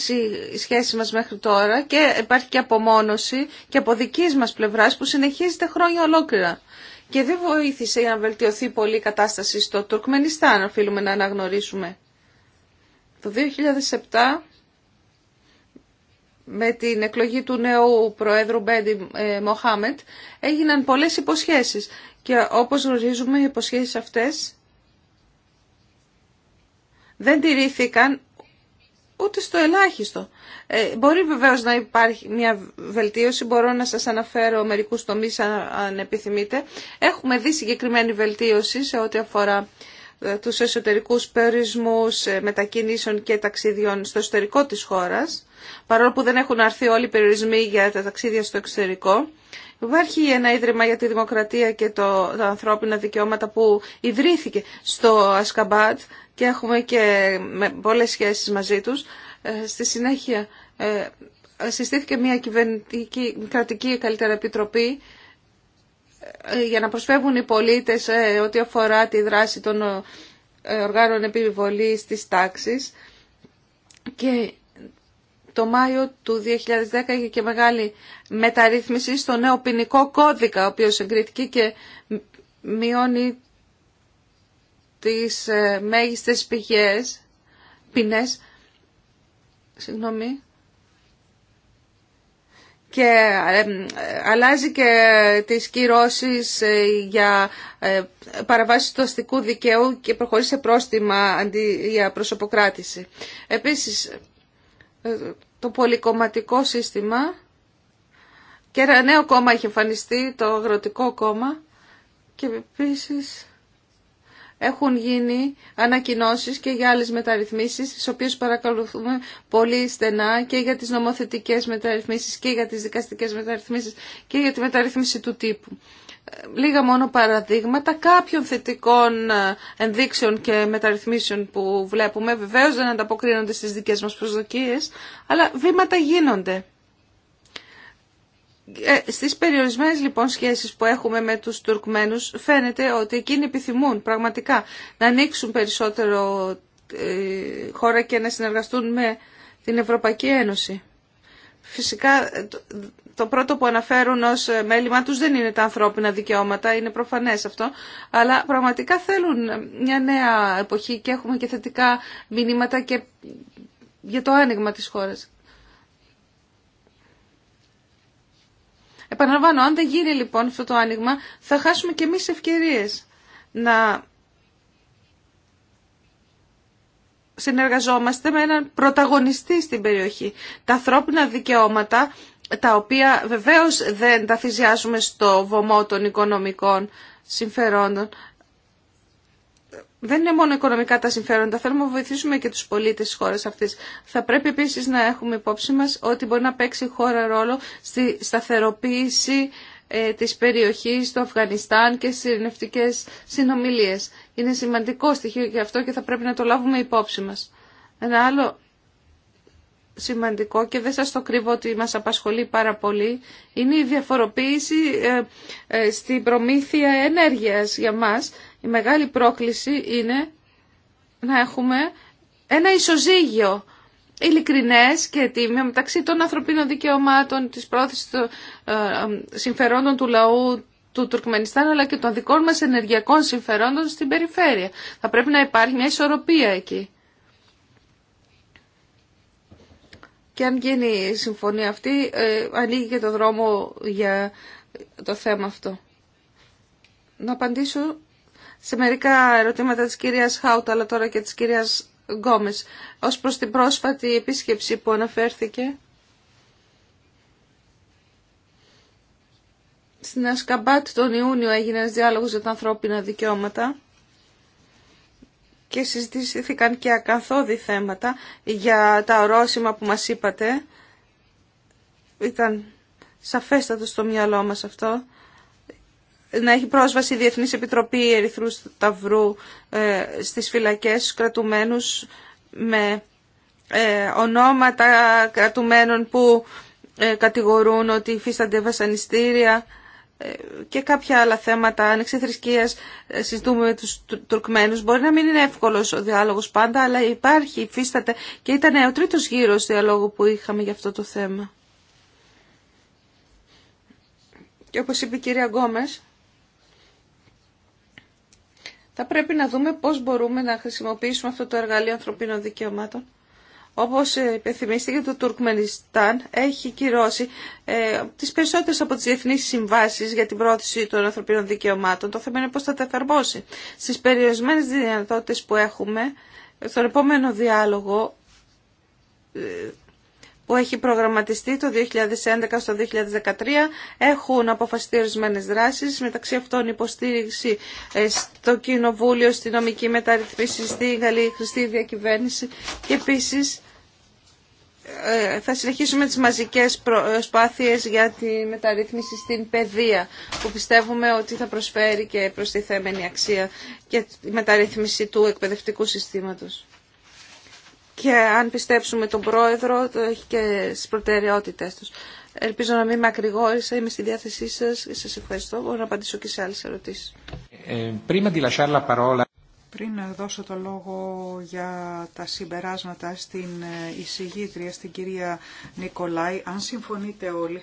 η σχέση μας μέχρι τώρα και υπάρχει και απομόνωση και από δική μας πλευράς που συνεχίζεται χρόνια ολόκληρα. Και δεν βοήθησε για να βελτιωθεί πολύ η κατάσταση στο Τουρκμενιστάν, οφείλουμε να αναγνωρίσουμε. Το 2007 με την εκλογή του νέου Προέδρου Μπέντι ε, Μοχάμετ έγιναν πολλές υποσχέσεις και όπως γνωρίζουμε οι υποσχέσεις αυτές δεν τηρήθηκαν ούτε στο ελάχιστο. Ε, μπορεί βεβαίω να υπάρχει μια βελτίωση, μπορώ να σας αναφέρω μερικούς τομείς αν, επιθυμείτε. Έχουμε δει συγκεκριμένη βελτίωση σε ό,τι αφορά ε, τους εσωτερικούς περιορισμούς ε, μετακινήσεων και ταξίδιων στο εσωτερικό της χώρας, παρόλο που δεν έχουν αρθεί όλοι οι περιορισμοί για τα ταξίδια στο εξωτερικό. Υπάρχει ένα ίδρυμα για τη δημοκρατία και το, τα ανθρώπινα δικαιώματα που ιδρύθηκε στο Ασκαμπάτ και έχουμε και με πολλές σχέσεις μαζί τους. Ε, στη συνέχεια ε, συστήθηκε μια κυβερνητική, κρατική καλύτερα επιτροπή ε, για να προσφεύγουν οι πολίτες ό,τι αφορά τη δράση των οργάνων επιβολής της τάξης και το Μάιο του 2010 είχε και μεγάλη μεταρρύθμιση στο νέο ποινικό κώδικα, ο οποίος εγκρίθηκε και μειώνει τις ε, μέγιστες πηγές, ποινές, συγγνώμη, και ε, αλλάζει και τις κυρώσεις ε, για παραβάσεις του αστικού δικαίου και προχωρεί σε πρόστιμα αντί για προσωποκράτηση. Επίσης, το πολυκομματικό σύστημα και ένα νέο κόμμα έχει εμφανιστεί, το Αγροτικό Κόμμα και επίσης έχουν γίνει ανακοινώσεις και για άλλες μεταρρυθμίσεις, τις οποίες παρακολουθούμε πολύ στενά και για τις νομοθετικές μεταρρυθμίσεις και για τις δικαστικές μεταρρυθμίσεις και για τη μεταρρύθμιση του τύπου. Ε, λίγα μόνο παραδείγματα κάποιων θετικών ε, ενδείξεων και μεταρρυθμίσεων που βλέπουμε. Βεβαίως δεν ανταποκρίνονται στις δικέ μας προσδοκίες, αλλά βήματα γίνονται. Ε, στις περιορισμένες λοιπόν σχέσεις που έχουμε με τους Τουρκμένους φαίνεται ότι εκείνοι επιθυμούν πραγματικά να ανοίξουν περισσότερο ε, χώρα και να συνεργαστούν με την Ευρωπαϊκή Ένωση. Φυσικά το πρώτο που αναφέρουν ως ε, μέλημά τους δεν είναι τα ανθρώπινα δικαιώματα, είναι προφανές αυτό, αλλά πραγματικά θέλουν μια νέα εποχή και έχουμε και θετικά μηνύματα και για το άνοιγμα της χώρας. Επαναλαμβάνω, αν δεν γίνει λοιπόν αυτό το άνοιγμα, θα χάσουμε και εμείς ευκαιρίες να συνεργαζόμαστε με έναν πρωταγωνιστή στην περιοχή. Τα ανθρώπινα δικαιώματα, τα οποία βεβαίως δεν τα θυσιάζουμε στο βωμό των οικονομικών συμφερόντων, δεν είναι μόνο οικονομικά τα συμφέροντα, θέλουμε να βοηθήσουμε και τους πολίτες της χώρας αυτής. Θα πρέπει επίσης να έχουμε υπόψη μας ότι μπορεί να παίξει η χώρα ρόλο στη σταθεροποίηση ε, της περιοχής του Αφγανιστάν και στις ειρηνευτικές συνομιλίες. Είναι σημαντικό στοιχείο και αυτό και θα πρέπει να το λάβουμε υπόψη μας. Ένα άλλο σημαντικό και δεν σας το κρύβω ότι μας απασχολεί πάρα πολύ είναι η διαφοροποίηση ε, ε, στην προμήθεια ενέργειας για μας. Η μεγάλη πρόκληση είναι να έχουμε ένα ισοζύγιο ειλικρινές και τίμιο μεταξύ των ανθρωπίνων δικαιωμάτων, της πρόθεσης των ε, συμφερόντων του λαού, του Τουρκμενιστάν αλλά και των δικών μας ενεργειακών συμφερόντων στην περιφέρεια. Θα πρέπει να υπάρχει μια ισορροπία εκεί. και αν γίνει η συμφωνία αυτή ε, ανοίγει και το δρόμο για το θέμα αυτό. Να απαντήσω σε μερικά ερωτήματα της κυρίας Χάουτα αλλά τώρα και της κυρίας Γκόμες. Ως προς την πρόσφατη επίσκεψη που αναφέρθηκε στην Ασκαμπάτ τον Ιούνιο έγινε ένας διάλογος για τα ανθρώπινα δικαιώματα και συζητήθηκαν και ακαθόδη θέματα για τα ορόσημα που μας είπατε. Ήταν σαφέστατο στο μυαλό μας αυτό. Να έχει πρόσβαση η Διεθνής Επιτροπή Ερυθρού Σταυρού ε, στις φυλακές κρατουμένους με ε, ονόματα κρατουμένων που ε, κατηγορούν ότι υφίστανται βασανιστήρια ε, και κάποια άλλα θέματα άνοιξη θρησκείας ε, συζητούμε με τους Τουρκμένους. Μπορεί να μην είναι εύκολος ο διάλογος πάντα, αλλά υπάρχει, υφίσταται και ήταν ο τρίτος γύρος διαλόγου που είχαμε για αυτό το θέμα. Και όπως είπε η κυρία Γκόμες, θα πρέπει να δούμε πώς μπορούμε να χρησιμοποιήσουμε αυτό το εργαλείο ανθρωπίνων δικαιωμάτων όπως υπενθυμίστηκε το Τουρκμενιστάν, έχει κυρώσει ε, τις περισσότερες από τις διεθνείς συμβάσεις για την πρόθεση των ανθρωπίνων δικαιωμάτων. Το θέμα είναι πώς θα τα εφαρμόσει. Στις περιορισμένες δυνατότητες που έχουμε, στον επόμενο διάλογο ε, που έχει προγραμματιστεί το 2011 στο 2013 έχουν αποφασιστεί ορισμένε δράσεις, μεταξύ αυτών υποστήριξη ε, στο Κοινοβούλιο, στη νομική μεταρρυθμίση, στη Γαλλία Χρηστή Διακυβέρνηση και επίσης ε, θα συνεχίσουμε τις μαζικές προσπάθειες για τη μεταρρύθμιση στην παιδεία που πιστεύουμε ότι θα προσφέρει και προστιθέμενη αξία και τη μεταρρύθμιση του εκπαιδευτικού συστήματος. Και αν πιστέψουμε τον πρόεδρο, το έχει και στι προτεραιότητες τους. Ελπίζω να μην με ακρηγόρησα, είμαι στη διάθεσή σας και σας ευχαριστώ. Μπορώ να απαντήσω και σε άλλες ερωτήσεις. Ε, πριν τη πριν δώσω το λόγο για τα συμπεράσματα στην εισηγήτρια, στην κυρία Νικολάη, αν συμφωνείτε όλοι,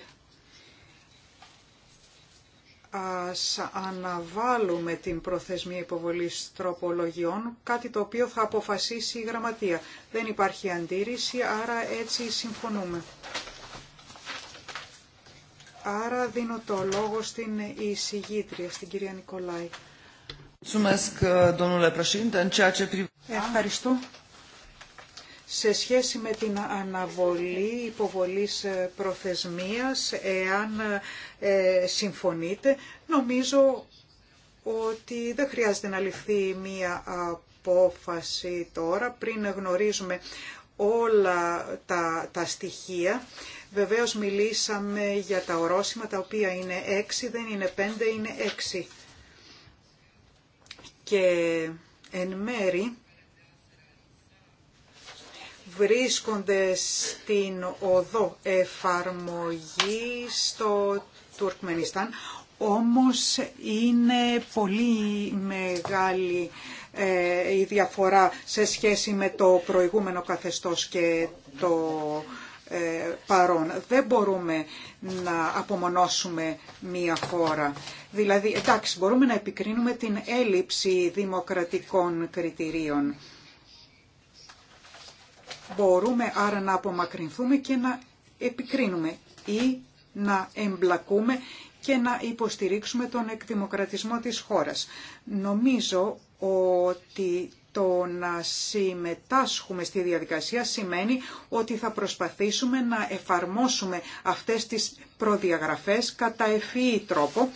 ας αναβάλουμε την προθεσμία υποβολής τροπολογιών, κάτι το οποίο θα αποφασίσει η γραμματεία. Δεν υπάρχει αντίρρηση, άρα έτσι συμφωνούμε. Άρα δίνω το λόγο στην εισηγήτρια, στην κυρία Νικολάη. Uh, Ευχαριστώ. Σε σχέση με την αναβολή υποβολής ε, προθεσμίας, εάν ε, συμφωνείτε, νομίζω ότι δεν χρειάζεται να ληφθεί μία απόφαση τώρα, πριν γνωρίζουμε όλα τα, τα στοιχεία. Βεβαίως μιλήσαμε για τα ορόσημα, τα οποία είναι έξι, δεν είναι πέντε, είναι έξι και εν μέρη βρίσκονται στην οδό εφαρμογή στο Τουρκμενιστάν, όμως είναι πολύ μεγάλη ε, η διαφορά σε σχέση με το προηγούμενο καθεστώς και το ε, παρόν. Δεν μπορούμε να απομονώσουμε μία χώρα. Δηλαδή, εντάξει, μπορούμε να επικρίνουμε την έλλειψη δημοκρατικών κριτηρίων. Μπορούμε άρα να απομακρυνθούμε και να επικρίνουμε ή να εμπλακούμε και να υποστηρίξουμε τον εκδημοκρατισμό της χώρας. Νομίζω ότι το να συμμετάσχουμε στη διαδικασία σημαίνει ότι θα προσπαθήσουμε να εφαρμόσουμε αυτές τις προδιαγραφές κατά ευφυή τρόπο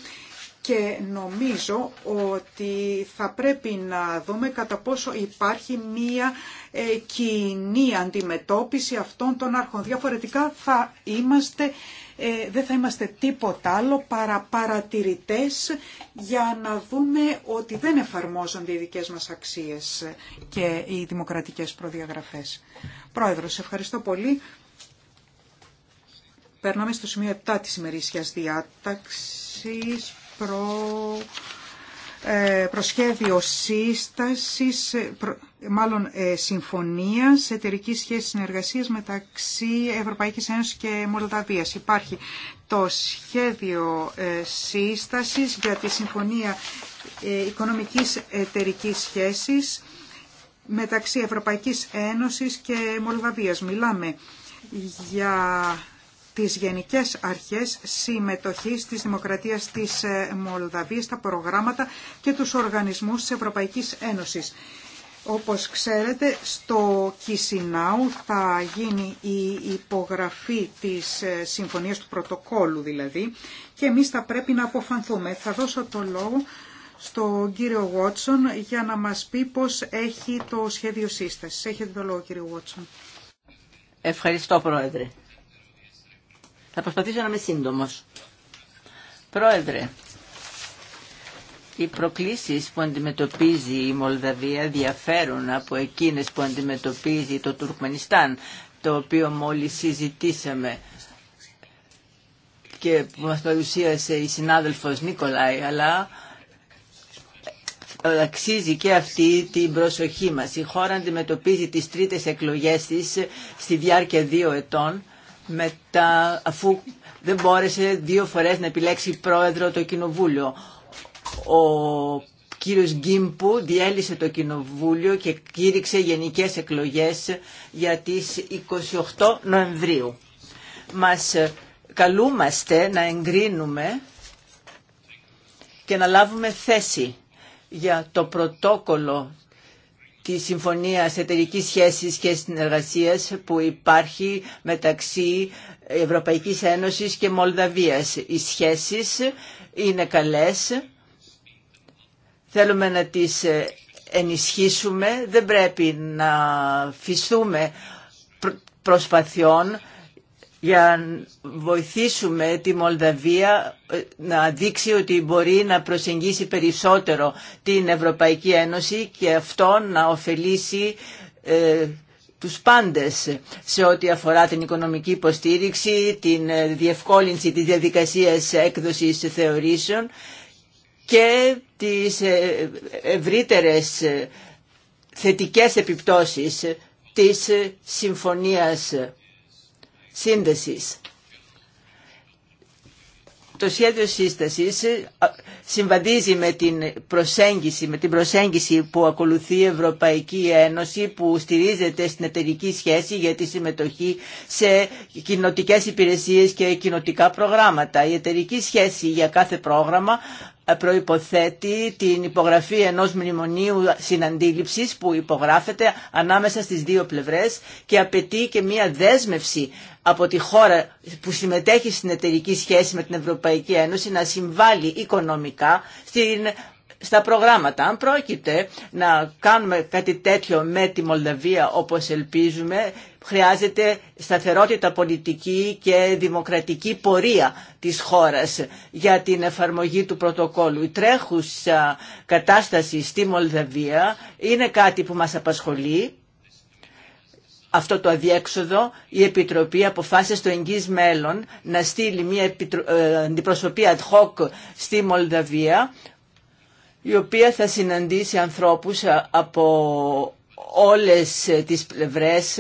και νομίζω ότι θα πρέπει να δούμε κατά πόσο υπάρχει μία ε, κοινή αντιμετώπιση αυτών των αρχών. Διαφορετικά θα είμαστε ε, δεν θα είμαστε τίποτα άλλο παρά παρατηρητές για να δούμε ότι δεν εφαρμόζονται οι δικές μας αξίες και οι δημοκρατικές προδιαγραφές. Πρόεδρος, ευχαριστώ πολύ. Περνάμε στο σημείο 7 της ημερήσιας διάταξης προ ε, προσχέδιο σύστασης, ε, μάλλον ε, συμφωνίας εταιρική σχέσης συνεργασίας μεταξύ Ευρωπαϊκής Ένωσης και Μολδαβίας. Υπάρχει το σχέδιο σύστασης για τη συμφωνία οικονομικής εταιρικής σχέσης μεταξύ Ευρωπαϊκής Ένωσης και Μολδαβίας. Μιλάμε για τις γενικές αρχές συμμετοχής της Δημοκρατίας της ε, Μολδαβίας, τα προγράμματα και τους οργανισμούς της Ευρωπαϊκής Ένωσης. Όπως ξέρετε, στο Κισινάου θα γίνει η υπογραφή της ε, συμφωνίας του πρωτοκόλου δηλαδή και εμείς θα πρέπει να αποφανθούμε. Θα δώσω το λόγο στον κύριο Βότσον για να μας πει πώς έχει το σχέδιο σύσταση. Έχετε το λόγο κύριο Βότσον. Ευχαριστώ Πρόεδρε. Θα προσπαθήσω να είμαι σύντομο. Πρόεδρε, οι προκλήσεις που αντιμετωπίζει η Μολδαβία διαφέρουν από εκείνε που αντιμετωπίζει το Τουρκμενιστάν, το οποίο μόλι συζητήσαμε και που μας παρουσίασε η συνάδελφος Νίκολάη, αλλά αξίζει και αυτή την προσοχή μας. Η χώρα αντιμετωπίζει τις τρίτες εκλογές της στη διάρκεια δύο ετών μετά, αφού δεν μπόρεσε δύο φορές να επιλέξει πρόεδρο το κοινοβούλιο. Ο κύριος Γκίμπου διέλυσε το κοινοβούλιο και κήρυξε γενικές εκλογές για τις 28 Νοεμβρίου. Μας καλούμαστε να εγκρίνουμε και να λάβουμε θέση για το πρωτόκολλο τη συμφωνία εταιρική σχέση και συνεργασία που υπάρχει μεταξύ Ευρωπαϊκής Ένωσης και Μολδαβίας. Οι σχέσεις είναι καλές, θέλουμε να τις ενισχύσουμε, δεν πρέπει να φυστούμε προσπαθειών για να βοηθήσουμε τη Μολδαβία ε, να δείξει ότι μπορεί να προσεγγίσει περισσότερο την Ευρωπαϊκή Ένωση και αυτό να ωφελήσει ε, τους πάντες σε ό,τι αφορά την οικονομική υποστήριξη, την ε, διευκόλυνση της διαδικασίας έκδοσης θεωρήσεων και τις ευρύτερες θετικές επιπτώσεις της συμφωνίας σύνδεσης. Το σχέδιο σύσταση ε, συμβαδίζει με την προσέγγιση, με την προσέγγιση που ακολουθεί η Ευρωπαϊκή Ένωση που στηρίζεται στην εταιρική σχέση για τη συμμετοχή σε κοινοτικές υπηρεσίες και κοινοτικά προγράμματα. Η εταιρική σχέση για κάθε πρόγραμμα προϋποθέτει την υπογραφή ενός μνημονίου συναντήληψης που υπογράφεται ανάμεσα στις δύο πλευρές και απαιτεί και μία δέσμευση από τη χώρα που συμμετέχει στην εταιρική σχέση με την Ευρωπαϊκή Ένωση να συμβάλλει οικονομικά στην στα προγράμματα. Αν πρόκειται να κάνουμε κάτι τέτοιο με τη Μολδαβία όπως ελπίζουμε, χρειάζεται σταθερότητα πολιτική και δημοκρατική πορεία της χώρας για την εφαρμογή του πρωτοκόλου. Η τρέχουσα κατάσταση στη Μολδαβία είναι κάτι που μας απασχολεί αυτό το αδιέξοδο, η Επιτροπή αποφάσισε στο εγγύς μέλλον να στείλει μια ε, αντιπροσωπή ad hoc στη Μολδαβία η οποία θα συναντήσει ανθρώπους ε, από όλες ε, τις πλευρές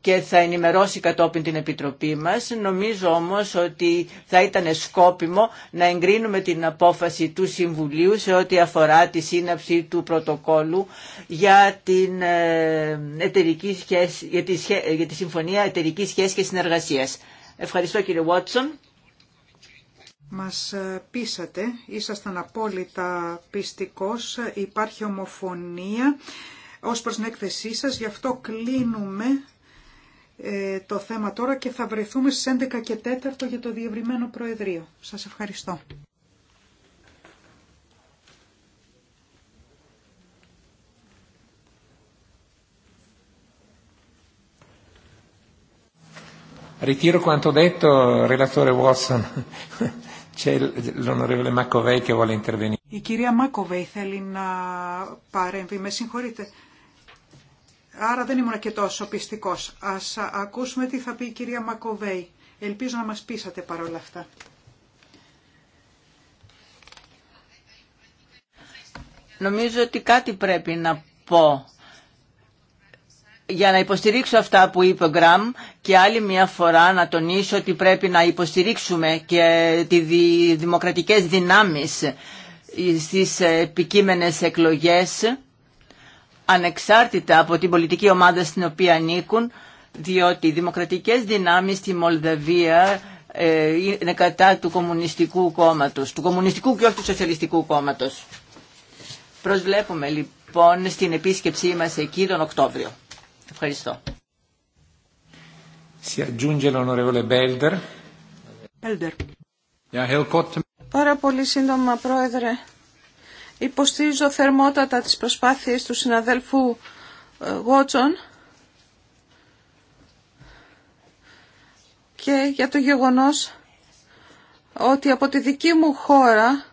και θα ενημερώσει κατόπιν την Επιτροπή μας. Νομίζω όμως ότι θα ήταν σκόπιμο να εγκρίνουμε την απόφαση του Συμβουλίου σε ό,τι αφορά τη σύναψη του πρωτοκόλου για, την ε, εταιρική για, τη, για τη Συμφωνία Εταιρικής Σχέσης και Συνεργασίας. Ευχαριστώ κύριε Βότσον. Μας ε, πείσατε, ήσασταν απόλυτα πιστικός, υπάρχει ομοφωνία ως προς την έκθεσή σας, γι' αυτό κλείνουμε ε, το θέμα τώρα και θα βρεθούμε στις 11 και 4 για το διευρυμένο Προεδρείο. Σας ευχαριστώ. Ritiro quanto detto, relatore Watson. Η κυρία Μάκοβεϊ θέλει να παρέμβει. Με συγχωρείτε. Άρα δεν ήμουν και τόσο πιστικός. Ας ακούσουμε τι θα πει η κυρία Μακοβέη. Ελπίζω να μας πείσατε παρόλα αυτά. Νομίζω ότι κάτι πρέπει να πω για να υποστηρίξω αυτά που είπε ο Γκραμ και άλλη μια φορά να τονίσω ότι πρέπει να υποστηρίξουμε και τις δημοκρατικές δυνάμεις στις επικείμενες εκλογές ανεξάρτητα από την πολιτική ομάδα στην οποία ανήκουν διότι οι δημοκρατικές δυνάμεις στη Μολδαβία ε, είναι κατά του κομμουνιστικού κόμματος, του κομμουνιστικού και όχι του σοσιαλιστικού κόμματος. Προσβλέπουμε λοιπόν στην επίσκεψή μας εκεί τον Οκτώβριο. Ευχαριστώ. Πάρα πολύ σύντομα, Πρόεδρε. Υποστήριζω θερμότατα τις προσπάθειες του συναδέλφου Γότσον ε, και για το γεγονός ότι από τη δική μου χώρα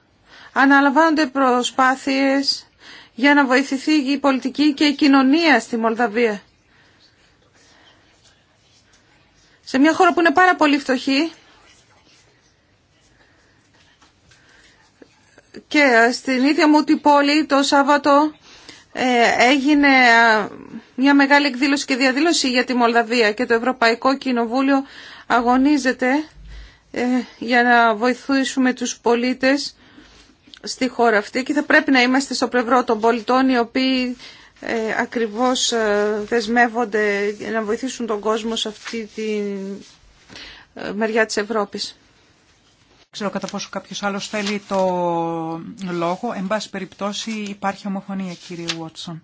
αναλαμβάνονται προσπάθειες για να βοηθηθεί η πολιτική και η κοινωνία στη Μολδαβία. σε μια χώρα που είναι πάρα πολύ φτωχή και στην ίδια μου την πόλη το Σάββατο ε, έγινε μια μεγάλη εκδήλωση και διαδήλωση για τη Μολδαβία και το Ευρωπαϊκό Κοινοβούλιο αγωνίζεται ε, για να βοηθήσουμε τους πολίτες στη χώρα αυτή και θα πρέπει να είμαστε στο πλευρό των πολιτών οι οποίοι ε, ακριβώς ε, δεσμεύονται να βοηθήσουν τον κόσμο σε αυτή τη ε, μεριά της Ευρώπης. Ξέρω κατά πόσο κάποιος άλλος θέλει το λόγο. Εν πάση περιπτώσει υπάρχει ομοφωνία κύριε Βότσον.